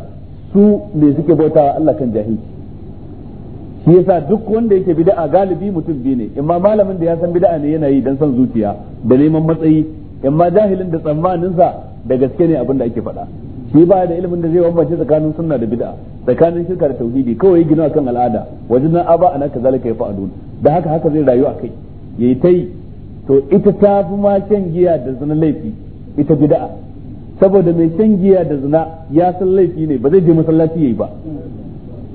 su ne suke bautawa Allah kan jahilci shi yasa duk wanda yake bid'a galibi mutum bi ne amma malamin da ya san bid'a ne yana yi dan san zuciya da neman matsayi amma jahilin da tsammaninsa da gaske ne abin da ake faɗa shi ba da ilimin da zai wambace tsakanin sunna da bid'a tsakanin shirka da tauhidi kawai gina akan al'ada wajen nan aba ana zalika ya fa'alun da haka haka zai rayu akai yayi tai to ita ta fi ma shan giya da zina laifi ita bid'a saboda mai shan giya da zina ya san laifi ne ba zai je masallaci yayi ba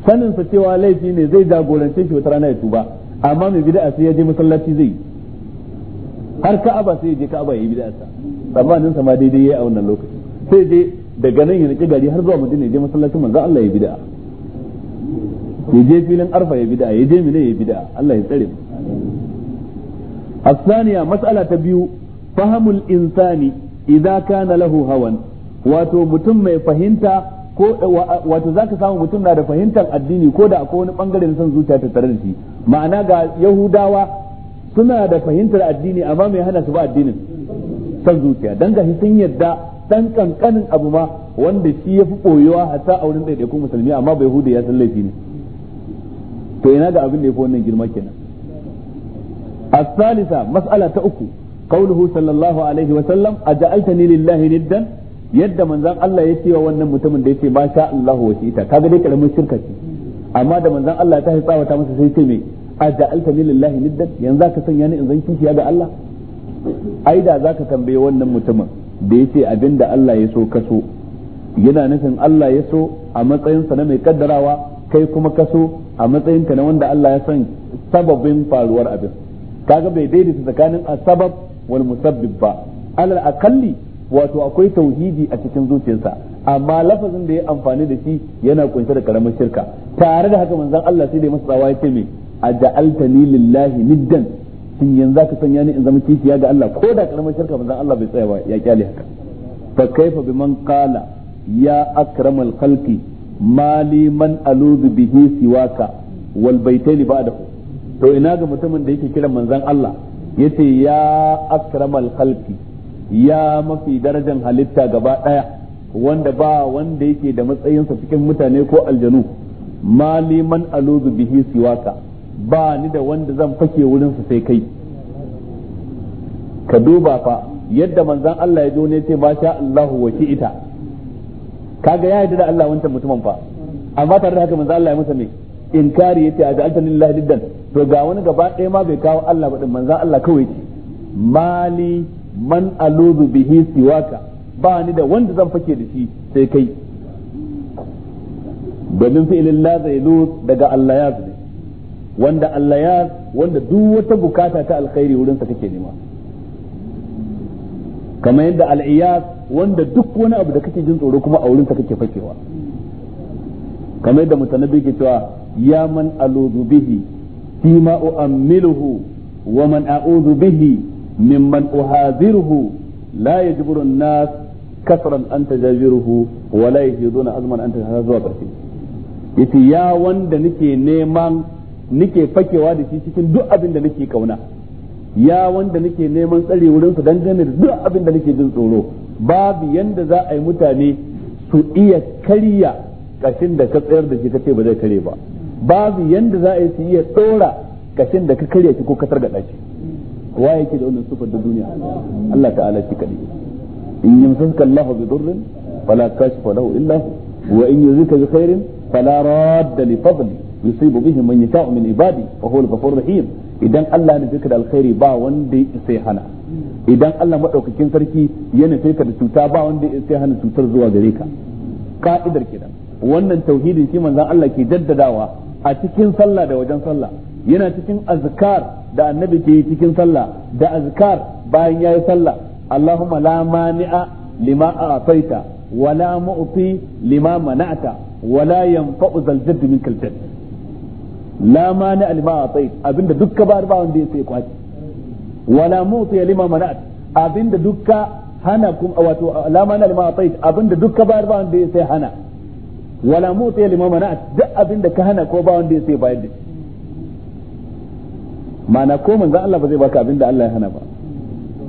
sanin sa cewa laifi ne zai jagorance shi wata rana ya tuba amma mai bid'a sai ya je masallaci zai yi har ka'aba sai ya je ka'aba yayi bid'a sa tsammanin sa ma daidai yayi a wannan lokaci sai je daga nan ya rike gari har zuwa Madina ya je masallacin manzo Allah ya bid'a ya je filin Arfa ya bid'a ya je Mina ya bid'a Allah ya tsare mu mas'ala ta biyu fahamul insani idza kana lahu hawan wato mutum mai fahimta ko wato zaka samu mutum na da fahimtar addini ko da akwai wani bangare na son zuciya ta tare da shi ma'ana ga yahudawa suna da fahimtar addini amma mai hana su ba addinin san zuciya dan gashi sun yadda dan kankanin abu ma wanda shi ya fi koyowa hatta a wurin ɗaiɗaikun musulmi amma bai hude ya san laifi ne to ina ga abin da ya fi wannan girma kenan الثالثة مسألة أكو قوله صلى الله عليه ni أجعلتني lillahi niddan yadda manzan Allah ya ce wa wannan mutumin da ya ce ma sha Allah wa ta kaga dai karamin shirka ce amma da manzan Allah ta hitsawa ta masa sai ce me a ja'alta ni lillahi niddan yanzu ka sanya ni in zan kishiya ga Allah ai da zaka tambaye wannan mutumin da yace abinda Allah ya so ka so yana nufin Allah ya so a matsayin sa na mai kaddarawa kai kuma ka so a matsayin na wanda Allah ya san sababin faruwar abin kaga bai daidaita tsakanin asbab wal musabbib ba alal akalli wato akwai tauhidi a cikin zuciyarsa amma lafazin da ya amfani da shi yana kunshe da karamar shirka tare da haka manzon Allah sai da masa tsawa ya ce mai a aja'altani lillahi niddan shin yanzu ka sanya ni in zama kishiya ga Allah ko da karamar shirka manzon Allah bai tsaya ba ya kyale haka fa kaifa biman qala ya akramal khalqi mali man aludu bihi siwaka wal baitaini ba'dahu to ina ga mutumin da yake kiran manzon Allah yace ya akramal khalqi ya mafi darajan halitta gaba daya wanda ba wanda yake da matsayinsa cikin mutane ko aljanu mali man aludu bihi siwaka ba ni da wanda zan fake wurin sai kai ka duba fa yadda manzon Allah ya zo ne sai ma sha Allahu wa ita kaga ya yarda da Allah wancan mutumin fa amma tare da haka manzon Allah ya masa me inkari yace a ja'alta lillahi diddan to ga wani gaba ɗaya ma bai kawo Allah ba din manzon Allah kawai ce mali man aluzu bihi siwaka ba ni da wanda zan fake da shi sai kai domin fi'ilin la zai daga Allah ya zai wanda Allah ya wanda duk wata bukata ta alkhairi wurin sa kake nema kamar yadda al'iyas wanda duk wani abu da kake jin tsoro kuma a wurin sa kake fakewa kamar yadda mutanabbi ke cewa ya man aluzu bihi fima u'ammiluhu wa man a'udhu bihi mimman uhaziruhu la yajburu an-nas kasran an tajajiruhu wa la yajiduna azman an tajajiruhu zuwa karshe yace ya wanda nake neman nike fakewa da shi cikin duk abin da nike kauna ya wanda nike neman tsare wurin su dangane da duk abin da nike jin tsoro babu yanda za a yi mutane su iya karya kashin da ka tsayar da shi kace ba zai kare ba babu yanda za a yi su iya tsora kashin da ka karya shi ko ka targada shi wa yake da wannan sufar da duniya Allah ta'ala shi kadai in yamsaka Allahu bi durrin fala kashifa lahu illa wa in yuzika bi khairin fala radda li fadli yusibu bihi man yasha'u min ibadi wa huwa al-ghafurur rahim idan Allah ne fika da alkhairi ba wanda sai hana idan Allah madaukakin sarki ya nufe ka da cuta ba wanda sai hana cutar zuwa gare ka ka'idar kenan wannan tauhidin shi manzon Allah ke jaddadawa a cikin sallah da wajen sallah yana cikin azkar da annabi ke yi cikin sallah da azkar bayan yayi sallah Allahumma la mani'a lima a'taita wala mu'ti lima mana'ta wala yanfa'u zal minkal jadd la mani alima atait abinda duk ka bar ba wanda ya sai kwaci wala muti lima mana'at abinda duk ka hana kum wato la mani alima atait abinda duk ka bar ba wanda ya sai hana wala muti lima mana'at duk abinda ka hana ko ba wanda ya sai bayar da mana ko manzo Allah ba zai baka abinda Allah ya hana ba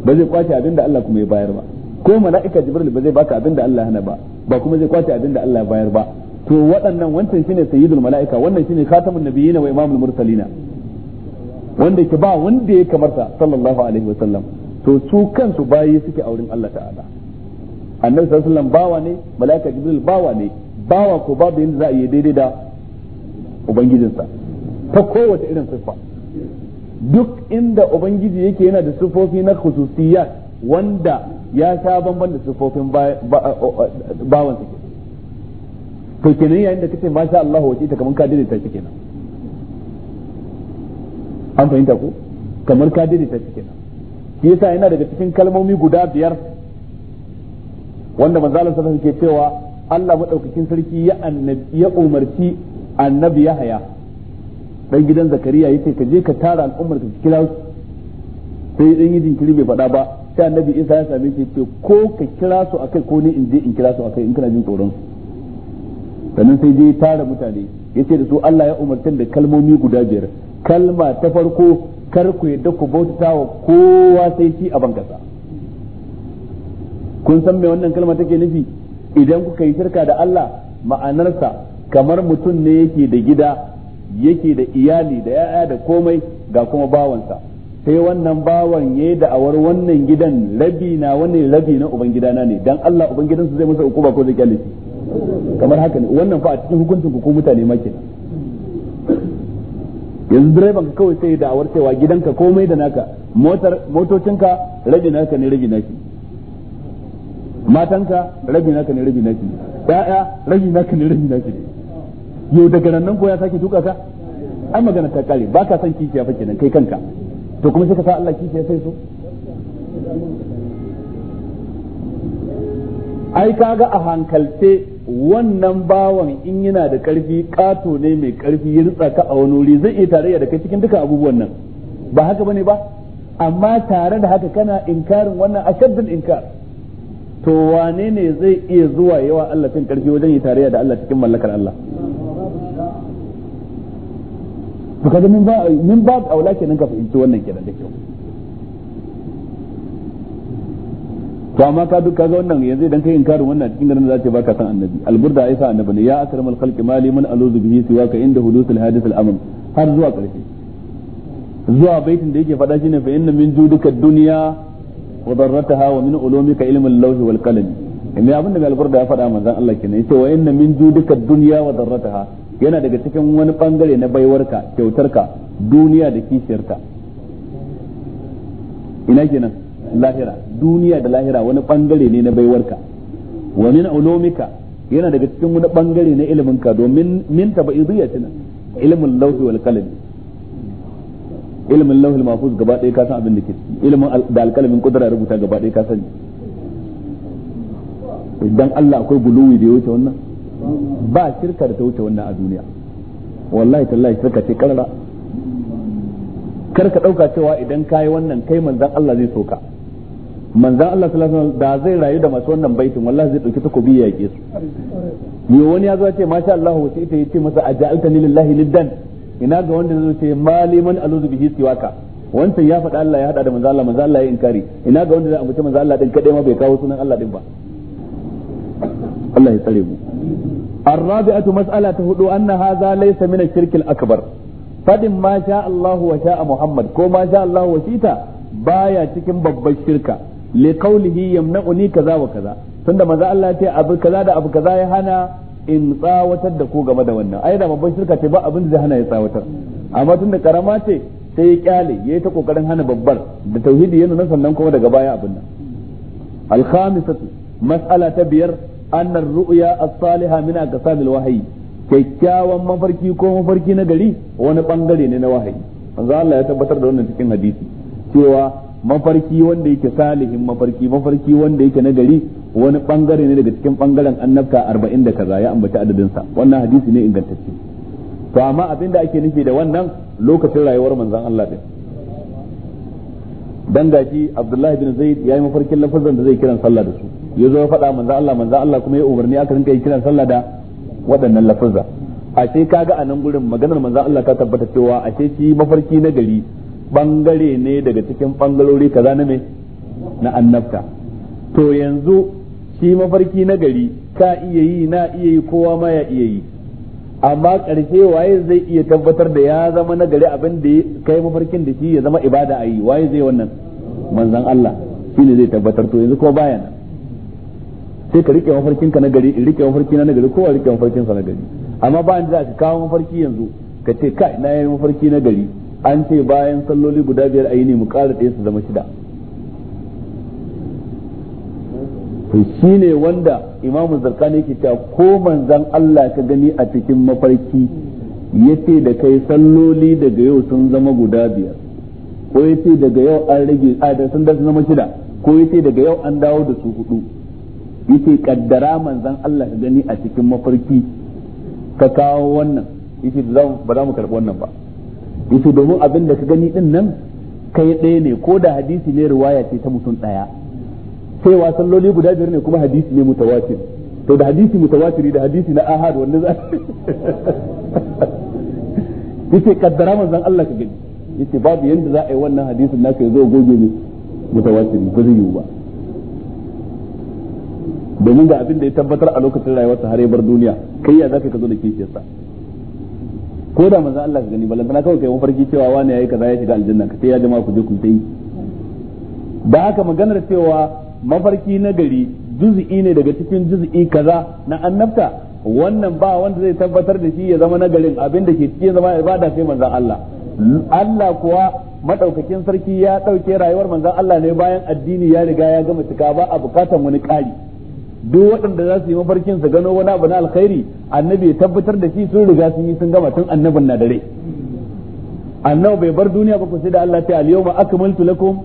ba zai kwace abinda Allah kuma ya bayar ba ko mala'ika jibril ba zai baka abinda Allah ya hana ba ba kuma zai kwace abinda Allah ya bayar ba to waɗannan wancan shine sayyidul mala'ika wannan shine khatamun nabiyina wa imamul mursalina wanda ke ba wanda ya kamarta sallallahu alaihi wasallam to su kansu bayi suke a wurin Allah ta'ala annabi sallallahu alaihi wasallam bawa ne mala'ika jibril bawa ne bawa ko babu yanda za a yi daidai da ubangijinsa ta kowace irin siffa duk inda ubangiji yake yana da siffofi na khususiyat wanda ya sha bamban da siffofin bawansa to kenan yayin da kace masha Allah wace ta kaman ka daidaita shi kenan an fahimta ko kamar ka daidaita shi kenan shi yasa yana daga cikin kalmomi guda biyar wanda manzo Allah sallallahu ke cewa Allah madaukakin sarki ya annabi ya umarci annabi Yahaya dan gidan Zakariya yace ka je ka tara al'ummar ka kira sai dan yi jinkiri bai faɗa ba sai annabi Isa ya same shi ce ko ka kira su akai ko ne in je in kira su akai in kana jin tsoron su sannan sai je tara mutane ya ce da su Allah ya umarta da kalmomi guda biyar kalma ta farko kar ku yadda ku bauta wa kowa sai shi a bankasa kun san me wannan kalma take nufi idan kuka yi shirka da Allah ma'anarsa kamar mutum ne yake da gida yake da iyali da ya'ya da komai ga kuma bawansa sai wannan bawan yayi da awar wannan gidan rabi na wani rabi na ubangidana ne dan Allah ubangidansu zai masa ba ko zai kyale shi kamar haka ne wannan fa a cikin hukuncin ku ko mutane ma kenan yanzu direban ka kawai sai da awar cewa gidanka komai da naka motar motocinka rabi naka ne rabi naki matanka rabi naka ne rabi naki ya'ya rabi naka ne rabi naki yau daga nan ko ya sake tuka ka ai magana ta kare ba ka san kishiya fa kenan kai kanka to kuma sai ka sa Allah kishiya sai so ai kaga a hankalce wannan bawan in yana da ƙarfi ƙato ne mai ƙarfi ya rutsa ka a wani wuri zai iya tarayya da kai cikin duka abubuwan nan ba haka bane ba amma tare da haka kana inkarin wannan ashaddul inkar to wane ne zai iya zuwa yawa Allah cin ƙarfi wajen yi tarayya da Allah cikin mallakar Allah to kaga min ba min ba aula kenan ka fahimci wannan kenan da kyau to amma ka duk kaga wannan yanzu idan kai inkarin wannan cikin garin za ce baka san annabi alburda isa annabi ne ya akramul khalqi mali man aluzu bihi ka inda hudusul hadith al-amr har zuwa karshe zuwa baitin da yake faɗa shine fa inna min judika dunya wa darrataha wa min ulumika ilmul lawhi wal qalam inna abin da alburda ya fada manzon Allah kenan yace wa inna min judika dunya wa darrataha yana daga cikin wani bangare na baiwarka kyautarka duniya da kishiyarta ina kenan lahira duniya da lahira wani bangare ne na baiwarka wa min ulumika yana daga cikin wani bangare na ilimin ka domin min tabaidiyatin ilmin lauhi wal qalam ilmin lauhi mahfuz gaba ɗaya ka san abin da ke ciki ilmin da alƙalamin kudura rubuta gaba ɗaya ka sani idan Allah akwai buluwi da ya wuce wannan ba shirka da ta wuce wannan a duniya wallahi tallahi shirka ce karara kar ka ɗauka cewa idan kai wannan kai manzan Allah zai soka manzan Allah sallallahu alaihi da zai rayu da masu wannan baitin wallahi zai dauki takobi ya yake su me wani ya zo ce masha Allah wace ita yace masa aja'altani lillahi liddan ina ga wanda zai ce maliman aluzu bihi siwaka wancan ya faɗa Allah ya haɗa da manzan Allah manzan Allah ya inkari ina ga wanda zai ambaci manzan Allah din kadai ma bai kawo sunan Allah din ba Allah ya tsare mu الرابعة مسألة هدو أن هذا ليس من الشرك الأكبر فدم ما شاء الله وشاء محمد كما شاء الله وشيتا baya cikin babbar shirka li qawlihi yamna'uni kaza wa kaza tunda manzo Allah ya ce abu kaza da abu kaza ya hana in tsawatar da ku game da wannan ai da babban shirka ce ba abin da zai hana ya tsawatar amma tunda karama ce sai ya kyale yayi ta kokarin hana babbar da tauhidi yana nan sannan kuma daga baya abin nan al-khamisatu mas'ala ta biyar anna ar-ru'ya as-salihah min aqsam al-wahyi kyakkyawan mafarki ko mafarki na gari wani bangare ne na wahayi manzo Allah ya tabbatar da wannan cikin hadisi cewa mafarki wanda yake salihin mafarki mafarki wanda yake nagari wani bangare ne daga cikin bangaren annabta arba'in da kaza ya ambaci adadinsa wannan hadisi ne ingantacce to amma abin da ake nufi da wannan lokacin rayuwar manzon Allah din dan gaji Abdullahi bin Zaid yayi mafarkin lafazan da zai kiran sallah da su ya ya faɗa manzon Allah manzon Allah kuma ya umarni aka rinka yin kiran sallah da waɗannan a ashe kaga a nan gurin maganar manzon Allah ta tabbata cewa ashe shi mafarki nagari bangare ne daga cikin bangarori kaza na me na annabta to yanzu shi mafarki na gari ka iya yi na iya yi kowa ma ya iya yi amma ƙarshe waye zai iya tabbatar da ya zama na gari abin da kai mafarkin da shi ya zama ibada a yi waye zai wannan manzan Allah shi ne zai tabbatar to yanzu ko baya nan sai ka rike mafarkin ka na gari in rike mafarki na gari kowa rike mafarkin sa na gari amma ba za ka kawo mafarki yanzu ka ce kai na yi mafarki na gari an ce bayan salloli guda biyar a yi ne mu ƙara ɗaya su zama shida to shi ne wanda imamu zarkani ke cewa ko manzan Allah ka gani a cikin mafarki ya ce da kai salloli daga yau sun zama guda biyar ko ya ce daga yau an rage tsada sun dasu zama shida ko ya ce daga yau an dawo da su hudu ya ce kaddara manzan Allah ka gani a cikin mafarki ka kawo wannan ya ce ba za mu karɓi wannan ba yace domin abin da ka gani din nan kai ɗaya ne ko da hadisi ne riwaya ce ta mutum ɗaya cewa salloli guda biyar ne kuma hadisi ne mutawatir to da hadisi mutawatiri da hadisi na ahad wanda za <laughs> yace kaddara manzon Allah ka gani yace babu yanda za a yi wannan hadisin naka ya zo goge ne mutawatiri ba zai yi ba domin ga abin da ya tabbatar a lokacin rayuwarsa har ya bar duniya kai ya zaka ka zo da kishiyarsa ko da manzo Allah ka gani balantana kawai kai mafarki cewa wani yayi kaza ya shiga aljanna ka sai ya jama'a ku je ku yi da haka maganar cewa mafarki na gari juz'i ne daga cikin juz'i kaza na annabta wannan ba wanda zai tabbatar da shi ya zama nagarin abin da ke cikin zama ibada sai manzo Allah Allah kuwa madaukakin sarki ya dauke rayuwar manzo Allah ne bayan addini ya riga ya gama cika ba a bukatan wani kari duk waɗanda za su yi mafarkin su gano wani abu na alkhairi annabi tabbatar da shi sun riga sun yi sun gama tun annabin na dare annabi bai bar duniya ba ku sai da Allah ta al yawma akmaltu lakum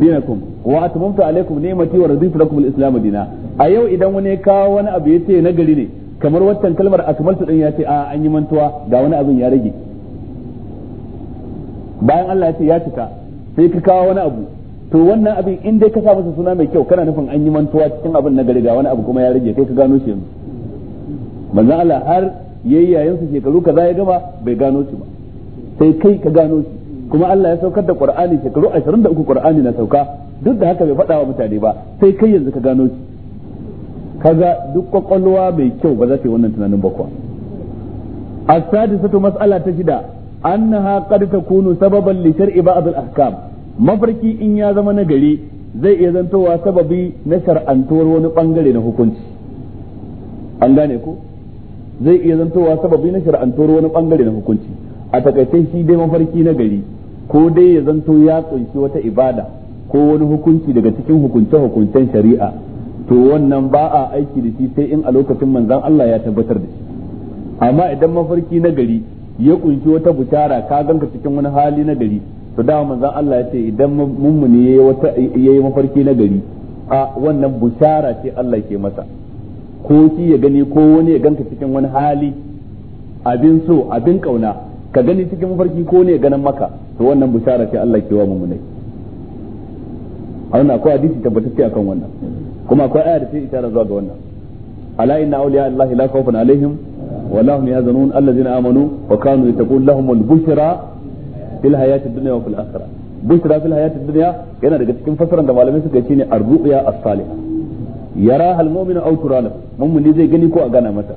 dinakum wa atmamtu alaykum ni'mati wa raditu lakum al dina a yau idan wani ya kawo wani abu yace na gari ne kamar watan kalmar akmaltu din yace a an yi mantuwa ga wani abin ya rage bayan Allah ya ce ya cika sai ka kawo wani abu to wannan abin in dai ka sa masa suna mai kyau kana nufin an yi mantuwa cikin abin na gari ga wani abu kuma ya rage kai ka gano shi yanzu manzon Allah har yayi yayin su shekaru kaza ya gama bai gano shi ba sai kai ka gano shi kuma Allah ya saukar da Qur'ani shekaru 23 Qur'ani na sauka duk da haka bai faɗa wa mutane ba sai kai yanzu ka gano shi kaga duk kwakwalwa mai kyau ba za ta yi wannan tunanin bakwa as-sadisatu mas'ala ta shida annaha qad takunu sababan li shar'i ba'd al-ahkam mafarki in ya zama na gari zai iya zantowa sababi na shar'antuwar wani bangare na hukunci an gane ko zai iya zantowa sababi na shar'antuwar wani bangare na hukunci a takaice shi dai mafarki na gari ko dai ya zanto ya kunshi wata ibada ko wani hukunci daga cikin hukunce-hukuncen shari'a to wannan ba a aiki da shi sai in a lokacin manzan Allah ya tabbatar da shi amma idan mafarki na gari ya kunshi wata bucara ka ganka cikin wani hali na gari to da manzon Allah ya ce idan mummuni yayi wata yayi mafarki na gari a wannan bushara ce Allah ke masa ko shi ya gani ko wani ya ganka cikin wani hali abin so abin kauna ka gani cikin mafarki ko ne ganin maka to wannan bushara ce Allah ke wa mummunai a wannan akwai hadisi tabbatacce akan wannan kuma akwai aya da ta isharar zuwa ga wannan ala inna awliya allahi la khawfun alaihim wa lahum yahzanun allazina amanu wa kanu yattaqun lahum bushra fil hayati dunya wa fil akhirah bushra fil hayati dunya yana daga cikin fasaran da malamai suka ce ne ar-ru'ya as-salihah yara hal muminu aw turalab mu'mini zai gani ko a gana mata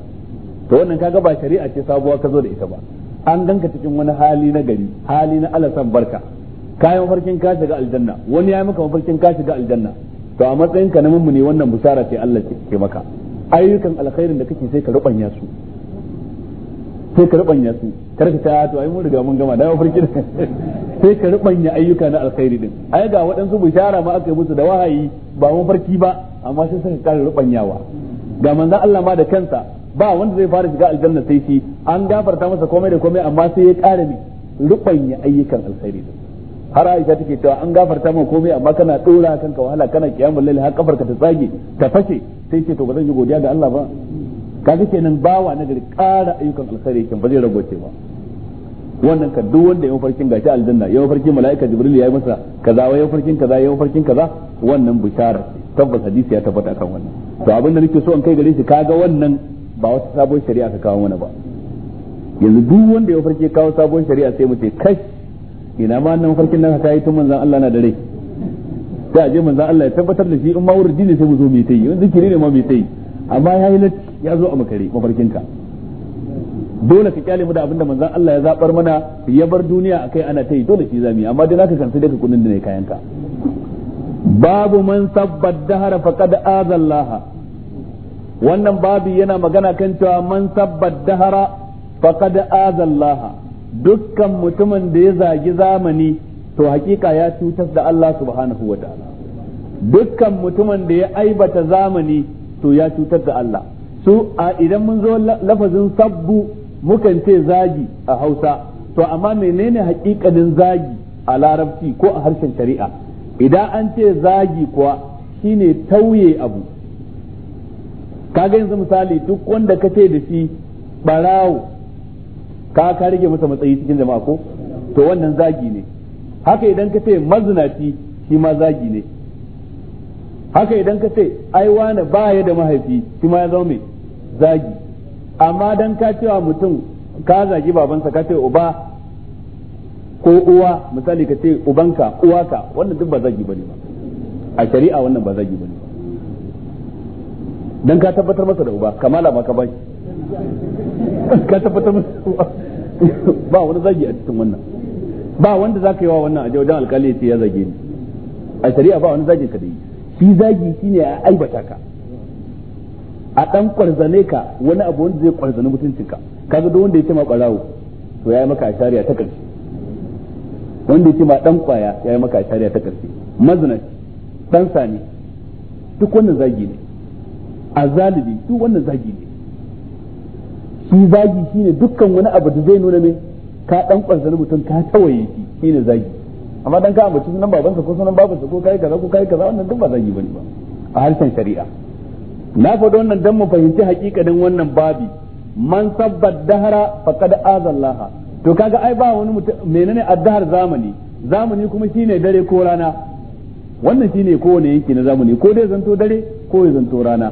to wannan kaga ba shari'a ce sabuwa ka zo da ita ba an ganka cikin wani hali na gari hali na alasan barka kayan farkin ka shiga aljanna wani ya maka mafarkin ka shiga aljanna to a matsayin ka na mummuni wannan busara ce Allah ke maka ayyukan alkhairin da kake sai ka rubanya su sai ka rubanya su kar ta ah, to ai mun riga mun gama da farki sai ka rubanya ayyuka na alkhairi din ai ga waɗansu bishara ma aka yi musu da wahayi ba mafarki ba amma sai suka kare rubanyawa ga manzon Allah ma da kansa ba wanda zai fara shiga aljanna sai shi an gafarta masa komai da komai amma sai ya kare ni rubanya ayyukan alkhairi din har Aisha take cewa an gafarta min komai amma kana dora kanka wahala kana kiyamul lail har kafarka ta tsage ta fashe sai ce to ba yi godiya ga Allah ba kaga kenan bawa na gari ƙara ayyukan alkhairi kan ba zai ragoce ba wannan ka duk wanda ya farkin gashi aljanna ya farki mala'ika jibril ya yi masa kaza ya farkin kaza ya farkin kaza wannan bishara tabbas hadisi ya tabbata kan wannan to abin da nake so in kai gare shi kaga wannan ba wata sabon shari'a ka kawo mana ba yanzu duk wanda ya farki kawo sabon shari'a sai mu ce kai ina ma nan farkin nan ka yi tun manzon Allah na da rai sai a je manzon Allah ya tabbatar da shi in ma wurdi ne sai mu zo mu yi ta yi in zikiri ne ma mu yi amma ya yi latti ya zo a makare mafarkinka dole ka kyale mu da abinda manzon Allah ya zabar mana ya bar duniya akai ana ta yi dole shi zami amma dai zaka kanta daga kunin da ne kayan ka babu man sabbad dahara faqad azallaha wannan babu yana magana kan cewa man sabbad dahara faqad azallaha dukkan mutumin da ya zagi zamani to hakika ya cutar da Allah subhanahu wataala dukkan mutumin da ya aibata zamani to ya cutar da Allah su a idan mun zo lafazin sabbu mukan ce zagi a Hausa to amma menene haƙiƙanin zagi a larabci ko a harshen shari'a idan an ce zagi kuwa shine tauye abu kaga yanzu misali duk wanda ka ce da shi barawo ka ka rage masa matsayi cikin jama'a ko to wannan zagi ne haka idan ka ce mazinaci shi ma zagi ne haka idan ka ce ai wani baya da mahaifi shi ma ya zama mai zagi amma dan ka cewa mutum ka zagi babansa ka ce uba ko uwa misali ka ce ubanka uwaka wannan duk ba zagi bane ba a shari'a wannan ba zagi bane ba dan ka tabbatar masa da uba kamala ma ka bashi <laughs> ka tabbatar masa da uba <laughs> ba wani zagi a cikin wannan ba wanda zaka yi wa wannan a wajen alkali sai ya zage ni a shari'a ba wani zagi ka da yi shi zagi shine a aibata ka a dan kwarzane ka wani abu wanda zai kwarzane mutuncinka kaga duk wanda ya ce ma barawo to yayi maka ashariya ta karshe wanda ya ce ma dan kwaya yayi maka ashariya ta karshe mazina dan sani duk wannan zagi ne a zalibi duk wannan zagi ne shi zagi shine dukkan wani abu da zai nuna mai ka dan kwarzane mutum ka tawaye shi shine zagi amma dan ka ambaci sunan babanka ko sunan babanka ko kai kaza ko kai kaza wannan duk ba yi bane ba a harshen shari'a na faɗi wannan dan mu fahimci hakikanin wannan babi man sabbad dahara faqad azallaha to kaga ai ba wani mutum menene addahar zamani zamani kuma shine dare ko rana wannan shine kowane yanki na zamani ko dai zanto dare ko ya zanto rana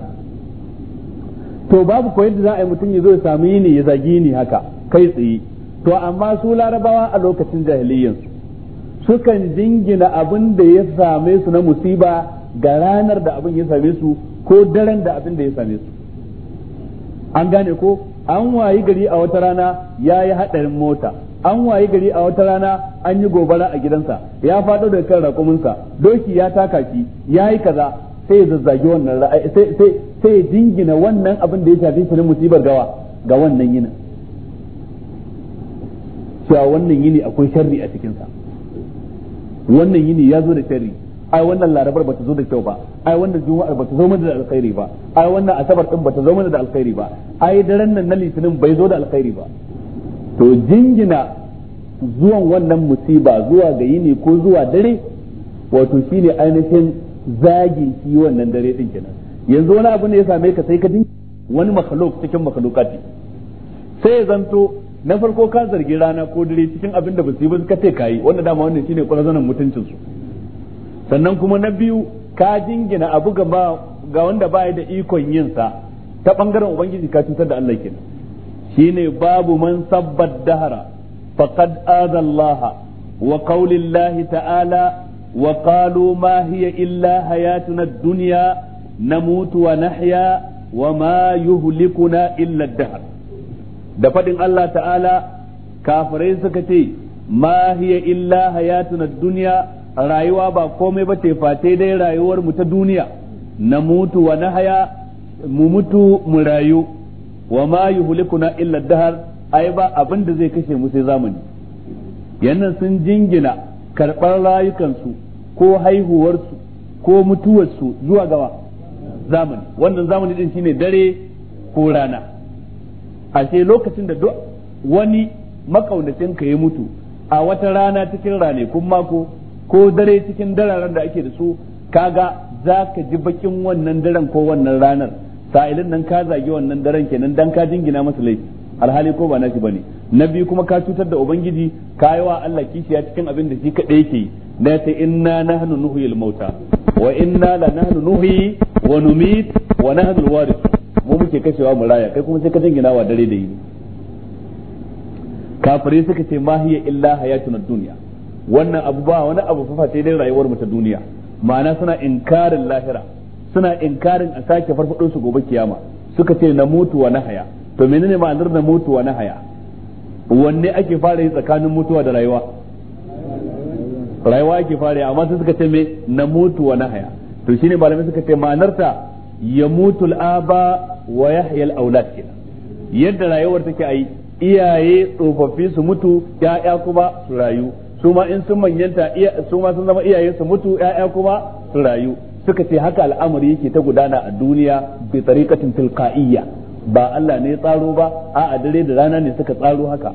to babu ko yadda za a yi mutum ya zo ya samu yini ya zagi ni haka kai tsaye to amma su larabawa a lokacin jahiliyyansu sukan jingina abin da ya same su na musiba ga ranar da abin ya same su ko daren da abin da ya same su an gane ko an wayi gari a wata rana ya yi haɗarin mota an wayi gari a wata rana an yi gobara a gidansa ya faɗo daga kan raƙuminsa doki ya taka ki ya yi kaza sai ya zazzagi wannan eh, sai sai ya jingina wannan abin da ya shafi shi na musibar gawa ga wannan yinin cewa wannan yini akwai sharri a cikinsa wannan yini ya zo da sharri ai wannan larabar bata zo da kyau ba ai wannan juma'ar bata zo mana da alkhairi ba ai wannan asabar din bata zo mana da alkhairi ba ai daren nan na litinin bai zo da alkhairi ba to jingina zuwan wannan musiba zuwa ga yini ko zuwa dare wato shine ainihin zagin shi wannan dare din kenan yanzu wani abu ne ya same ka sai ka din wani makhluk cikin makhlukati sai ya zanto na farko ka zargi rana ko dare cikin abin da ba su yi ba suka ce kayi wanda dama wannan shine kwarazanan mutuncin su sannan kuma na biyu ka jingina abu ga ga wanda ba da ikon yin sa ta bangaren ubangiji ka cutar da Allah kenan shine babu man sabbad dahara faqad azallaha wa qaulillahi ta'ala wa qalu ma hiya illa hayatuna ad-dunya namutu wa nahya wa ma yuhlikuna illa ad-dahr da faɗin Allah ta'ala kafirai suka ce ma hiya illa hayatuna dunya rayuwa ba komai ba ce face dai rayuwar mu ta duniya na mutu wa na haya mu mutu mu rayu wa ma yuhlikuna illa dahar ai ba abin da zai kashe mu sai zamani yannan sun jingina karɓar rayukansu ko haihuwarsu ko mutuwarsu zuwa gaba. zamani wannan zamani din shine dare ko rana ashe lokacin da duk wani makaunacin ka ya mutu a wata rana cikin ranakun mako ko dare cikin dararen da ake da su kaga za ka ji bakin wannan daren ko wannan ranar sa'ilin nan ka zagi wannan daren kenan dan ka jingina masa laifi alhali ko ba na ba ne na biyu kuma ka cutar da ubangiji ka yi wa Allah kishiya cikin abin da shi kaɗai yake na ta inna nahnu nuhyil mauta wa inna la nahnu nuhyi wa numit wa nahnu al mu muke kashewa mu raya kai kuma sai ka jingina wa dare da yini kafirai suka ce ma hiya illa hayatun dunya wannan abu ba wani abu fa sai dai rayuwar mu ta duniya ma'ana suna inkarin lahira suna inkarin a sake farfado su gobe kiyama suka ce na mutu wa haya. to menene ma'anar na mutu wa haya? wanne ake fara yi tsakanin mutuwa da rayuwa rayuwa ake fara amma sai suka ce me na mutu wa haya. to shine malamai suka ce ma'anarta yamutu al wa yahya al-aulad yadda rayuwar take ai iyaye tsofaffi su mutu ya'ya kuma su rayu su ma in sun manyanta su ma sun zama iyaye su mutu ya'ya kuma su rayu suka ce haka al'amari yake ta gudana a duniya bi tariqatin tilqa'iyya ba Allah ne ya tsaro ba a dare da rana ne suka tsaro haka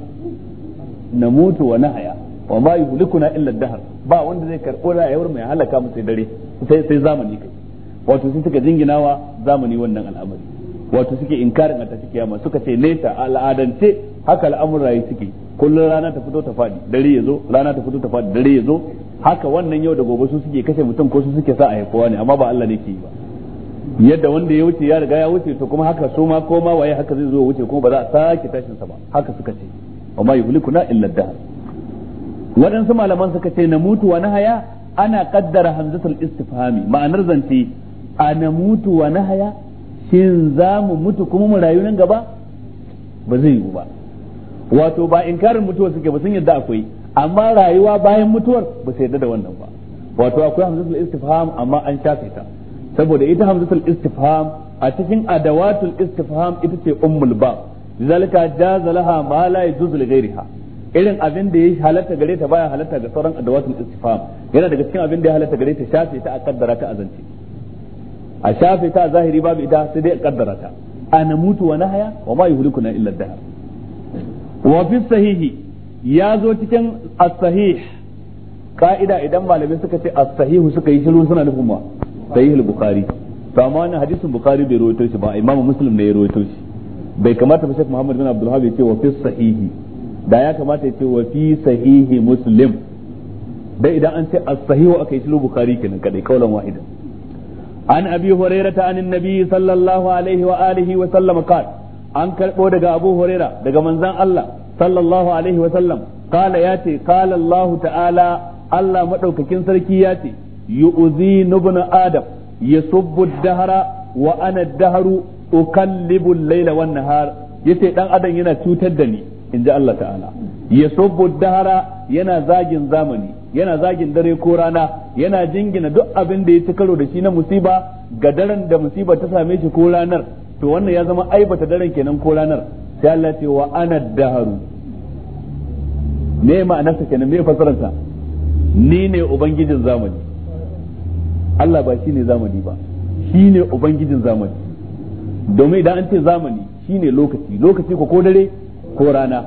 na mutu wa nahaya wa ma yuhlikuna illa dahr ba wanda zai karɓo rayuwar mai halaka mu sai dare sai sai zamani kai wato sun suka jinginawa zamani wannan al'amari wato suke inkarin ta suke kiyama suka ce nesa al'adance haka al'amura yi suke kullum rana ta fito ta fadi dare ya zo rana ta fito ta fadi dare ya zo haka wannan yau da gobe su suke kashe mutum ko su suke sa a haifuwa ne amma ba Allah ne ke yi ba yadda wanda ya wuce ya riga ya wuce to kuma haka su ma koma waye haka zai zo wuce kuma ba za a sake tashin sa ba haka suka ce amma yuhlikuna illa dahr waɗansu malaman suka ce na mutuwa na haya ana qaddara hamzatul istifhami ma'anar zance ana mutu wa haya, shin za mu mutu kuma mu rayu nan gaba ba zai yiwu ba wato ba inkarin mutuwar suke ba sun yadda akwai amma rayuwa bayan mutuwar ba su yadda da wannan ba wato akwai hamzatul istifham amma an shafe ta saboda ita hamzatul istifham a cikin adawatul istifham ita ce ummul ba zalika jaza laha ma la yuzul ghairiha irin abin da ya halatta gare ta baya halatta ga sauran adawatul istifham yana daga cikin abin da ya halatta gare ta shafe ta a kaddara ta azanci a shafe ta zahiri babu ita sai dai a kaddara ta ana mutu wa haya wa ma yuhlikuna illa dahr wa fi sahihi ya zo cikin as-sahih ka'ida idan malamai suka ce as-sahihu suka yi shiru suna nufin ma sahihul bukhari to amma wannan hadisin bukhari bai rawaito shi ba imamu muslim ne ya rawaito shi bai kamata ba shek muhammad bin abdul ya ce wa fi sahihi da ya kamata ya ce wa fi sahihi muslim dai idan an ce as-sahihu aka yi shiru bukhari kenan kadai kaulan wahidan an abi hurairata an annabi sallallahu alaihi wa alihi wa sallam qala an karbo daga abu huraira daga manzon Allah sallallahu alaihi wa sallam qala yace qala Allah ta'ala Allah madaukakin sarki yace yu'zi ibn adam yasubbu ad-dahra wa ana ad-dahru ukallibu al-layla wan nahar yace dan adam yana cutar da ni inji Allah ta'ala yasubbu ad-dahra yana zagin zamani yana zagin dare ko rana yana jingina duk abin da ya ci karo da shi na musiba ga daren da musiba ta same shi ko ranar to wannan ya zama aibata daren kenan ko ranar sai Allah ce wa ana daharu me ma'anarsa kenan me fasararsa ni ne ubangijin zamani Allah ba shi ne zamani ba shi ne ubangijin zamani domin idan an ce zamani shi ne lokaci lokaci ko ko dare ko rana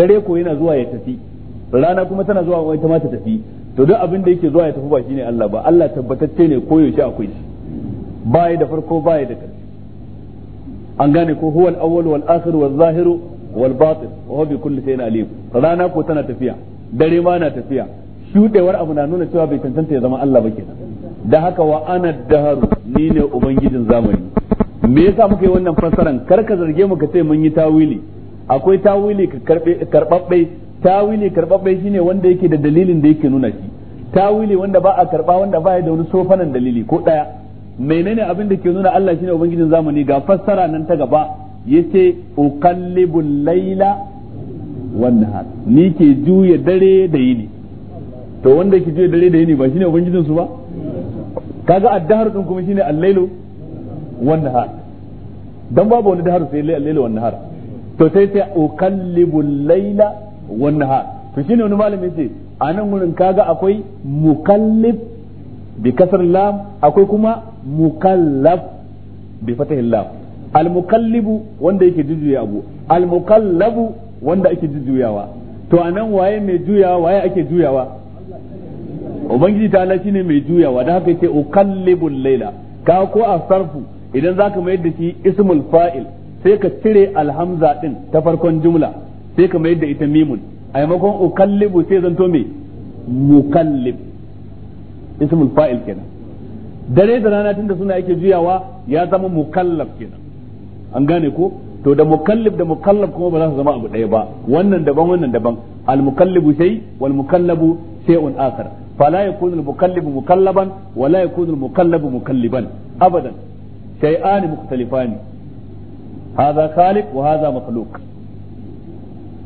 dare ko yana zuwa ya tafi rana kuma tana zuwa wai ta ma tafi to duk abin da yake zuwa ya tafi ba shine Allah ba Allah tabbatacce ne ko yaushe akwai shi ba ya da farko ba da karshe. an gane ko huwal awwal wal akhir wal zahiru wal batin wa huwa bi kulli shay'in alim rana ko tana tafiya dare ma na tafiya shudewar abu na nuna cewa bai tantance ya zama Allah ba kenan da haka wa ana daharu ni ne ubangijin zamani me yasa muka yi wannan fassaran kar ka zarge mu ka ce mun yi tawili akwai tawili ka karbe karbabbe tawili karbabbe shine wanda yake da dalilin da yake nuna shi tawili wanda ba a karba wanda ba ya da wani sofanan dalili ko daya menene abin da ke nuna Allah shine ubangijin zamani ga fassara nan ta gaba yace uqallibul laila wan nahar ni ke juya dare da yini to wanda ke juya dare da yini ba shine ubangijin su ba kaga addahar din kuma shine al-lailu wan nahar dan babu wani dahar sai al-lailu wan nahar to sai sai uqallibul laila wannan ha to ne wani malami ce a nan wurin kaga akwai mukallif bi kasar lam akwai kuma mukallaf bi fatahil lam al mukallibu wanda yake jujjuya abu al mukallabu wanda ake jujjuyawa to a nan waye mai juyawa waye ake juyawa ubangiji ta Allah shine mai juyawa da haka yake ukallibul laila ka ko a sarfu idan zaka mai da shi ismul fa'il sai ka cire alhamza din ta farkon jumla sai ka yadda ita mimun a maimakon ukallibu sai zanto me mukallib ismul fa'il kenan dare da rana tunda suna yake juyawa ya zama mukallaf kenan an gane ko to da mukallib da mukallaf kuma ba za su zama abu ɗaya ba wannan daban wannan daban al mukallibu sai wal mukallabu shay'un akhar fala yakunu al mukallibu mukallaban wala yakunu al mukallabu mukalliban abadan shay'an mukhtalifan hadha khaliq wa hadha makhluq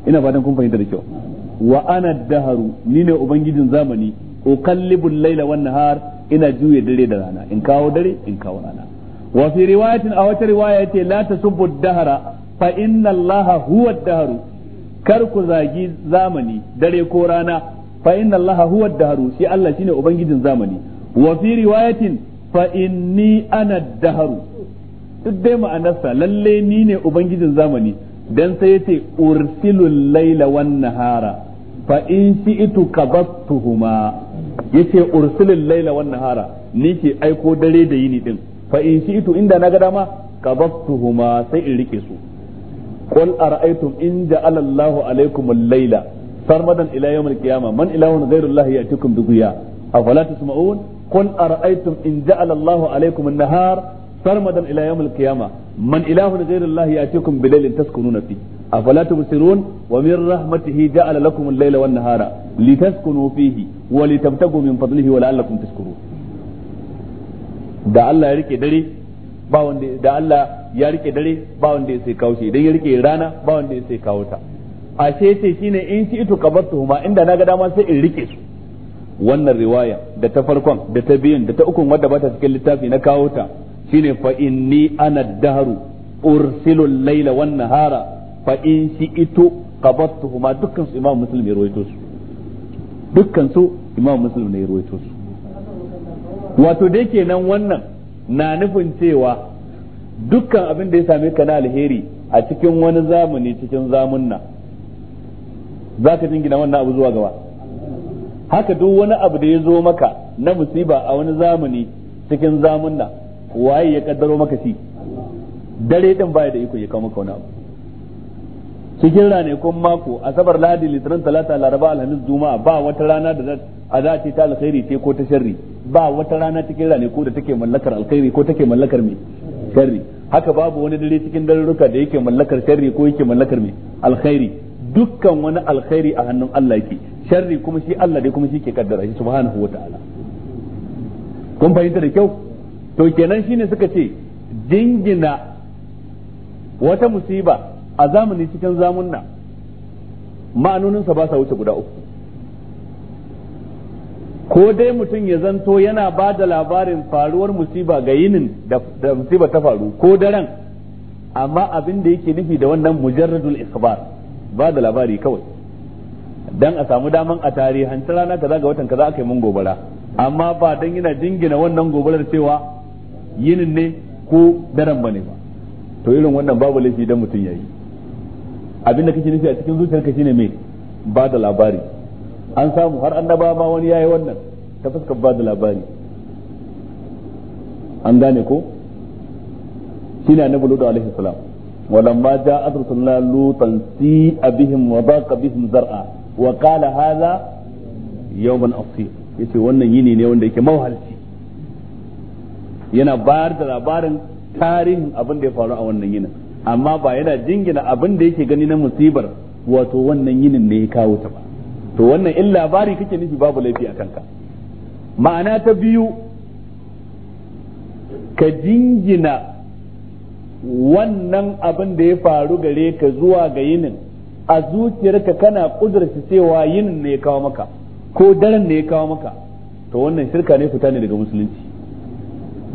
ina fatan kun fahimta da kyau wa ana daharu ni ne ubangijin zamani uqallibul laila wan nahar ina juye dare da rana in kawo dare in kawo rana wa fi riwayatin a wata riwaya yace la tasubbu dahara fa inna allaha huwa daharu kar ku zagi zamani dare ko rana fa inna allaha huwa daharu shi Allah shine ubangijin zamani wa fi riwayatin fa inni ana daharu duk dai ma'anarsa lalle ni ne ubangijin zamani dan sai yace ursilul Layla wan nahara fa in shi'tu qabattuhuma yace ursilul Layla wan nahara ni ke aiko dare da yini din fa in shi'tu inda na ga dama qabattuhuma sai in rike su qul ara'aytum in ja'ala Allahu alaykum al-laila sarmadan ila yawm al-qiyamah man ilahun ghayru Allah ya'tikum bi dhiya afala tasma'un qul ara'aytum in ja'ala Allahu alaykum an-nahara sarmadan ila yawmil qiyama man ilahun ghayrullahi yatikum bilailin taskununa fi afala tubsirun wa min rahmatihi ja'ala lakum al-layla wan nahara litaskunu fihi wa litabtagu min fadlihi wa la'allakum tashkurun da Allah ya rike dare ba wanda da Allah ya rike dare ba wanda ya sai kawo shi idan ya rike rana ba wanda ya sai kawo ta ashe ce shine in ci ito kabartuhuma inda naga dama sai in rike su wannan riwaya da ta farkon da ta biyun da ta ukun wadda ba ta cikin littafi na kawo ta shine fa inni ana daharu ursilu al-laila wan nahara fa in shi'tu qabattuhuma dukkan su imam muslim ya ruwaito su dukkan su imam muslim ne ya ruwaito su wato dai kenan wannan na nufin cewa dukkan abin da ya same ka na alheri a cikin wani zamani cikin zamunna za ka jingina wannan abu zuwa gaba haka duk wani abu da ya zo maka na musiba a wani zamani cikin zamunna waye ya kaddaro maka shi dare din baya da iko ya kawo maka wani abu cikin ranakun mako asabar lahadi litinin talata laraba alhamis juma'a ba wata rana da a za ce ta alkhairi ce ko ta sharri ba wata rana cikin ranaku da take mallakar alkhairi ko take mallakar mai sharri haka babu wani dare cikin daruruka da yake mallakar sharri ko yake mallakar mai alkhairi dukkan wani alkhairi a hannun Allah yake sharri kuma shi Allah dai kuma shi ke kaddara shi subhanahu wataala kun fahimta da kyau to kenan shine suka ce jingina wata musiba a zamani cikin zamunna ma'anoninsa ba sa wuce guda uku ko dai mutum ya zanto yana ba da labarin faruwar musiba ga yinin da musiba ta faru ko daren amma abin da yake nufi da wannan mujarradul ikhbar ba da labari kawai dan a samu daman a tarihanci rana kaza ga watan kaza aka yi mun gobara amma ba dan yana jingina wannan gobarar cewa yinin ne ko daren bane ba to irin wannan babu laifi dan mutum yayi abin da kake nufi a cikin zuciyarka shine me ba da labari an samu har annaba ma wani yayi wannan ta fuskar ba da labari an gane ko shine annabi lutu alaihi salam ولما جاء رسولنا abihim wa baqa bihim zar'a wa qala hadha yawman asir yace wannan yini ne wanda yake mawhalci yana bayar da labarin tarihin abin da ya faru a wannan yinin amma ba yana jingina abin da yake gani na musibar wato wannan yinin ne ya kawo ta ba to wannan in labari kake nufi babu laifi a kanka ma'ana ta biyu ka jingina wannan abin da ya faru gare ka zuwa ga yinin a zuciyarka kana kudurci cewa yinin ne ya kawo maka ko daren ne ya kawo maka to wannan shirka ne fita ne daga musulunci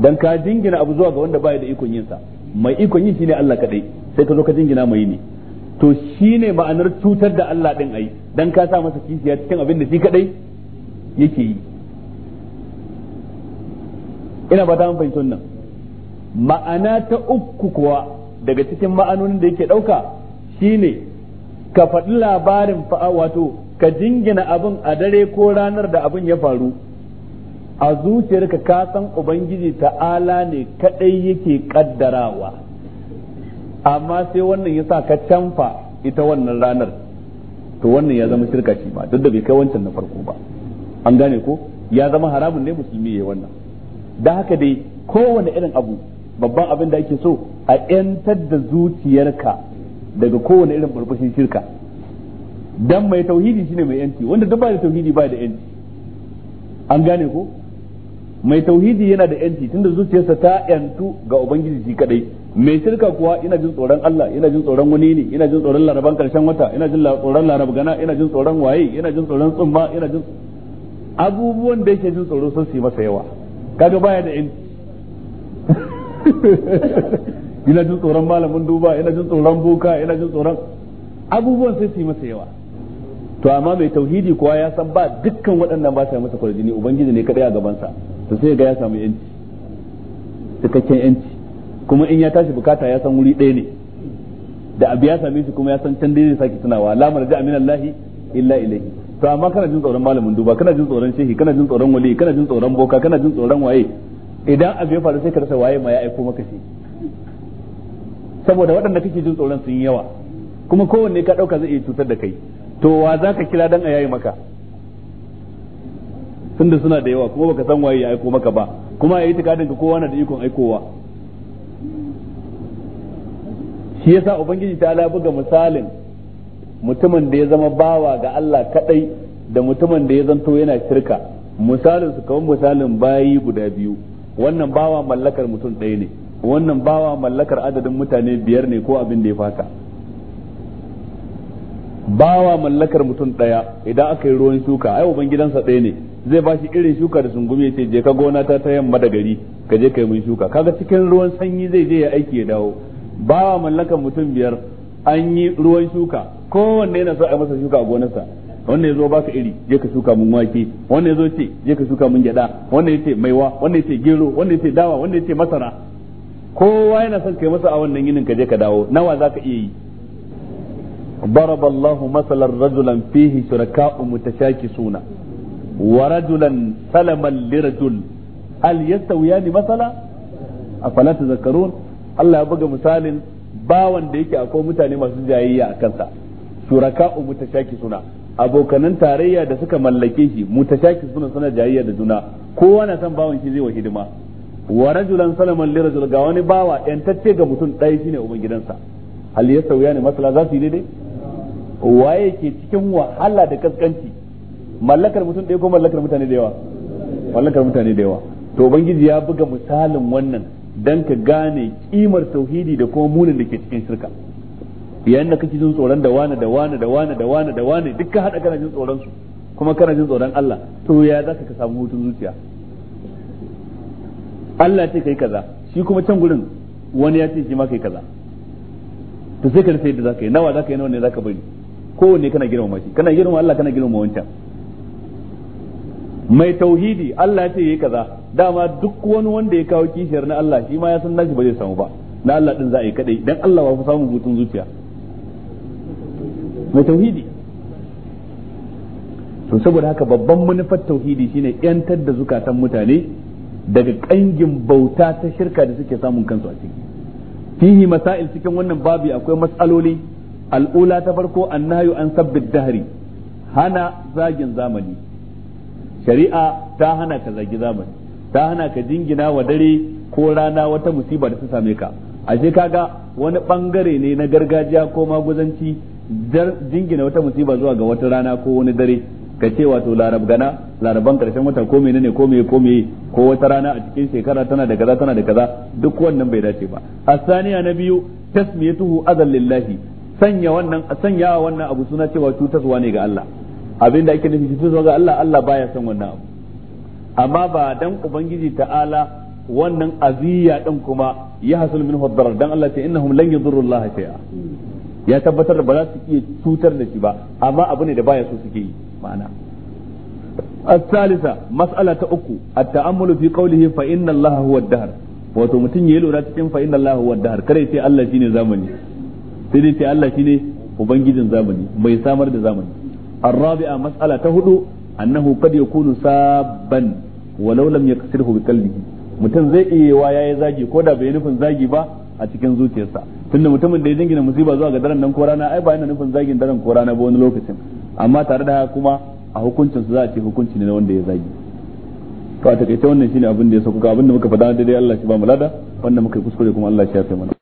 dan ka jingina abu zuwa ga wanda baya da ikon yinsa sa mai ikon yin shine Allah kadai sai ka zo ka jingina mai ne to shine ma'anar cutar da Allah din ai dan ka sa masa kishiya cikin abin da shi kadai yake yi ina ba ta mun fahimtar nan ma'ana ta uku kuwa daga cikin ma'anonin da yake dauka shine ka faɗi labarin fa'a wato ka jingina abin a dare ko ranar da abin ya faru a zuciyarka ka san ubangiji ta'ala ne kadai yake kaddarawa amma sai wannan ya sa ka canfa ita wannan ranar to wannan ya zama shirka shi ba duk da bai kai wancan na farko ba an gane ko ya zama haramun ne musulmi ya wannan da haka dai kowane irin abu babban abin da ake so a yantar da zuciyarka daga kowane irin burbushin shirka dan mai tauhidi shine mai yanci wanda duk ba da tauhidi ba da yanci an gane ko mai tauhidi yana da yanci tunda zuciyarsa ta yantu ga ubangiji shi kadai mai shirka kuwa ina jin tsoron Allah ina jin tsoron wani ne ina jin tsoron laraban karshen wata ina jin tsoron larabgana ina jin tsoron waye ina jin tsoron tsumma ina jin abubuwan da yake jin tsoro sun su masa yawa kaga baya da yanci <laughs> ina jin tsoron malamin duba ina jin tsoron boka ina jin tsoron abubuwan sai su masa yawa to amma mai tauhidi kuwa ya san ba dukkan waɗannan ba sa masa kwarjini ubangiji ne kadai a gabansa to sai ga ya samu yanci cikakken yanci kuma in ya tashi bukata ya san wuri ɗaya ne da abu ya same shi kuma ya san can dai zai sake tunawa la marja min Allah illa ilayhi to amma kana jin tsoron malamin duba kana jin tsoron shehi kana jin tsoron wali kana jin tsoron boka kana jin tsoron waye idan abu ya faru sai ka rasa waye ma ya aiko maka shi saboda waɗanda kake jin tsoron sun yawa kuma kowanne ka ɗauka zai iya cutar da kai to wa za ka kira dan a yayi maka tunda suna da yawa kuma baka san waye ya aiko maka ba kuma yayi tikadin ka kowa na da ikon aikowa shi yasa ubangiji ta ala buga misalin mutumin da ya zama bawa ga Allah kadai da mutumin da ya zanto yana shirka misalin su kamar misalin bayi guda biyu wannan bawa mallakar mutum ɗaya ne wannan bawa mallakar adadin mutane biyar ne ko abin da ya fata bawa mallakar mutum ɗaya idan aka yi ruwan shuka ai uban gidansa ɗaya ne zai ba shi irin shuka da sungume ce je ka gona ta ta yamma da gari ka je kai mun shuka kaga cikin ruwan sanyi zai je ya aiki ya dawo ba mallakan mutum biyar an yi ruwan shuka kowanne yana so a masa shuka a gonarsa wannan ya zo baka iri je ka shuka mun wake wannan ya zo ce je ka shuka mun gyada wannan ya ce maiwa wannan ya ce gero wannan ya ce dawa wannan ya ce masara kowa yana son kai masa a wannan yinin ka je ka dawo nawa zaka iya yi ضرب الله مثلا رجلا فيه شركاء متشاكسون wa rajulan salaman lirajul hal yastawiyani masala afala tazakkarun Allah ya buga misalin bawan da yake akwai mutane masu jayayya a kansa shuraka'u mutashaki suna abokanan tarayya da suka mallake shi mutashaki suna suna jayayya da juna kowa na san bawan shi zai wa hidima wa rajulan salaman li rajul ga wani bawa yantacce ga mutum ɗaya shine uban gidansa hal ya sauya ne masala za su yi dai-dai? waye ke cikin wahala da kaskanci mallakar mutum ɗaya ko mallakar mutane da yawa mallakar mutane da yawa to ubangiji ya buga misalin wannan dan ka gane kimar tauhidi da kuma munin da ke cikin shirka yayin da kake jin tsoron da wani da wani da wani da wani da wani dukkan hada kana jin tsoron su kuma kana jin tsoron Allah to ya zaka ka samu hutun zuciya Allah ce kai kaza shi kuma can gurin wani ya ce shi ma kai kaza to sai ka rufe yadda zaka yi nawa zaka yi nawa ne zaka bari kowanne kana girmama shi kana girmama Allah kana girmama wancan mai tauhidi Allah ya ce yi kaza dama duk wani wanda ya kawo kishiyar na Allah shi ma ya san nashi ba zai samu ba na Allah din za a yi kadai dan Allah ba ku samu hutun zuciya mai tauhidi to saboda haka babban manufar tauhidi shine yantar da zukatan mutane daga kangin bauta ta shirka da suke samun kansu a ciki fihi masail cikin wannan babu akwai matsaloli al'ula ta farko annahu an sabbid dahri hana zagin zamani shari'a ta hana ka zagi zamani ta hana ka jingina wa dare ko rana wata musiba da ta same ka ashe kaga wani bangare ne na gargajiya ko maguzanci jingina wata musiba zuwa ga wata rana ko wani dare ka ce wato larab gana laraban karshen wata ko menene ko meye ko meye ko wata rana a cikin shekara tana da kaza tana da kaza duk wannan bai dace ba asaniya na biyu tasmiyatuhu azal lillahi sanya wannan sanya wannan abu suna cewa cutarwa ne ga Allah abinda ake nufi shi ga Allah Allah baya son wannan abu amma ba dan ubangiji ta'ala wannan aziya din kuma ya hasul min darar dan Allah ce innahum lan yadurru Allah shay'a ya tabbatar da ba za su iya cutar da shi ba amma abu ne da baya so suke yi ma'ana الثالثة مسألة أكو التأمل في قوله فإن الله هو الدهر wato mutum ya yi lura cikin fa inna Allah huwa dahar kare sai Allah shine zamani sai dai sai Allah shine ubangijin zamani mai samar da zamani الرابعة مسألة تهدو أنه قد يكون سابا ولو لم يكسره بقلبه mutum zai iya wa yayi zagi ko da bai nufin zagi ba a cikin zuciyarsa tunda mutumin da ya jingina musiba zuwa ga daren nan ko rana ai ba yana nufin zagin daren ko rana ba wani lokacin amma tare da haka kuma a hukuncin su za a ce hukunci ne na wanda ya zagi to a takaice wannan shine abin da ya sauka abin da muka faɗa daidai Allah shi ba mu lada wanda muka yi kuskure kuma Allah shi ya kai mana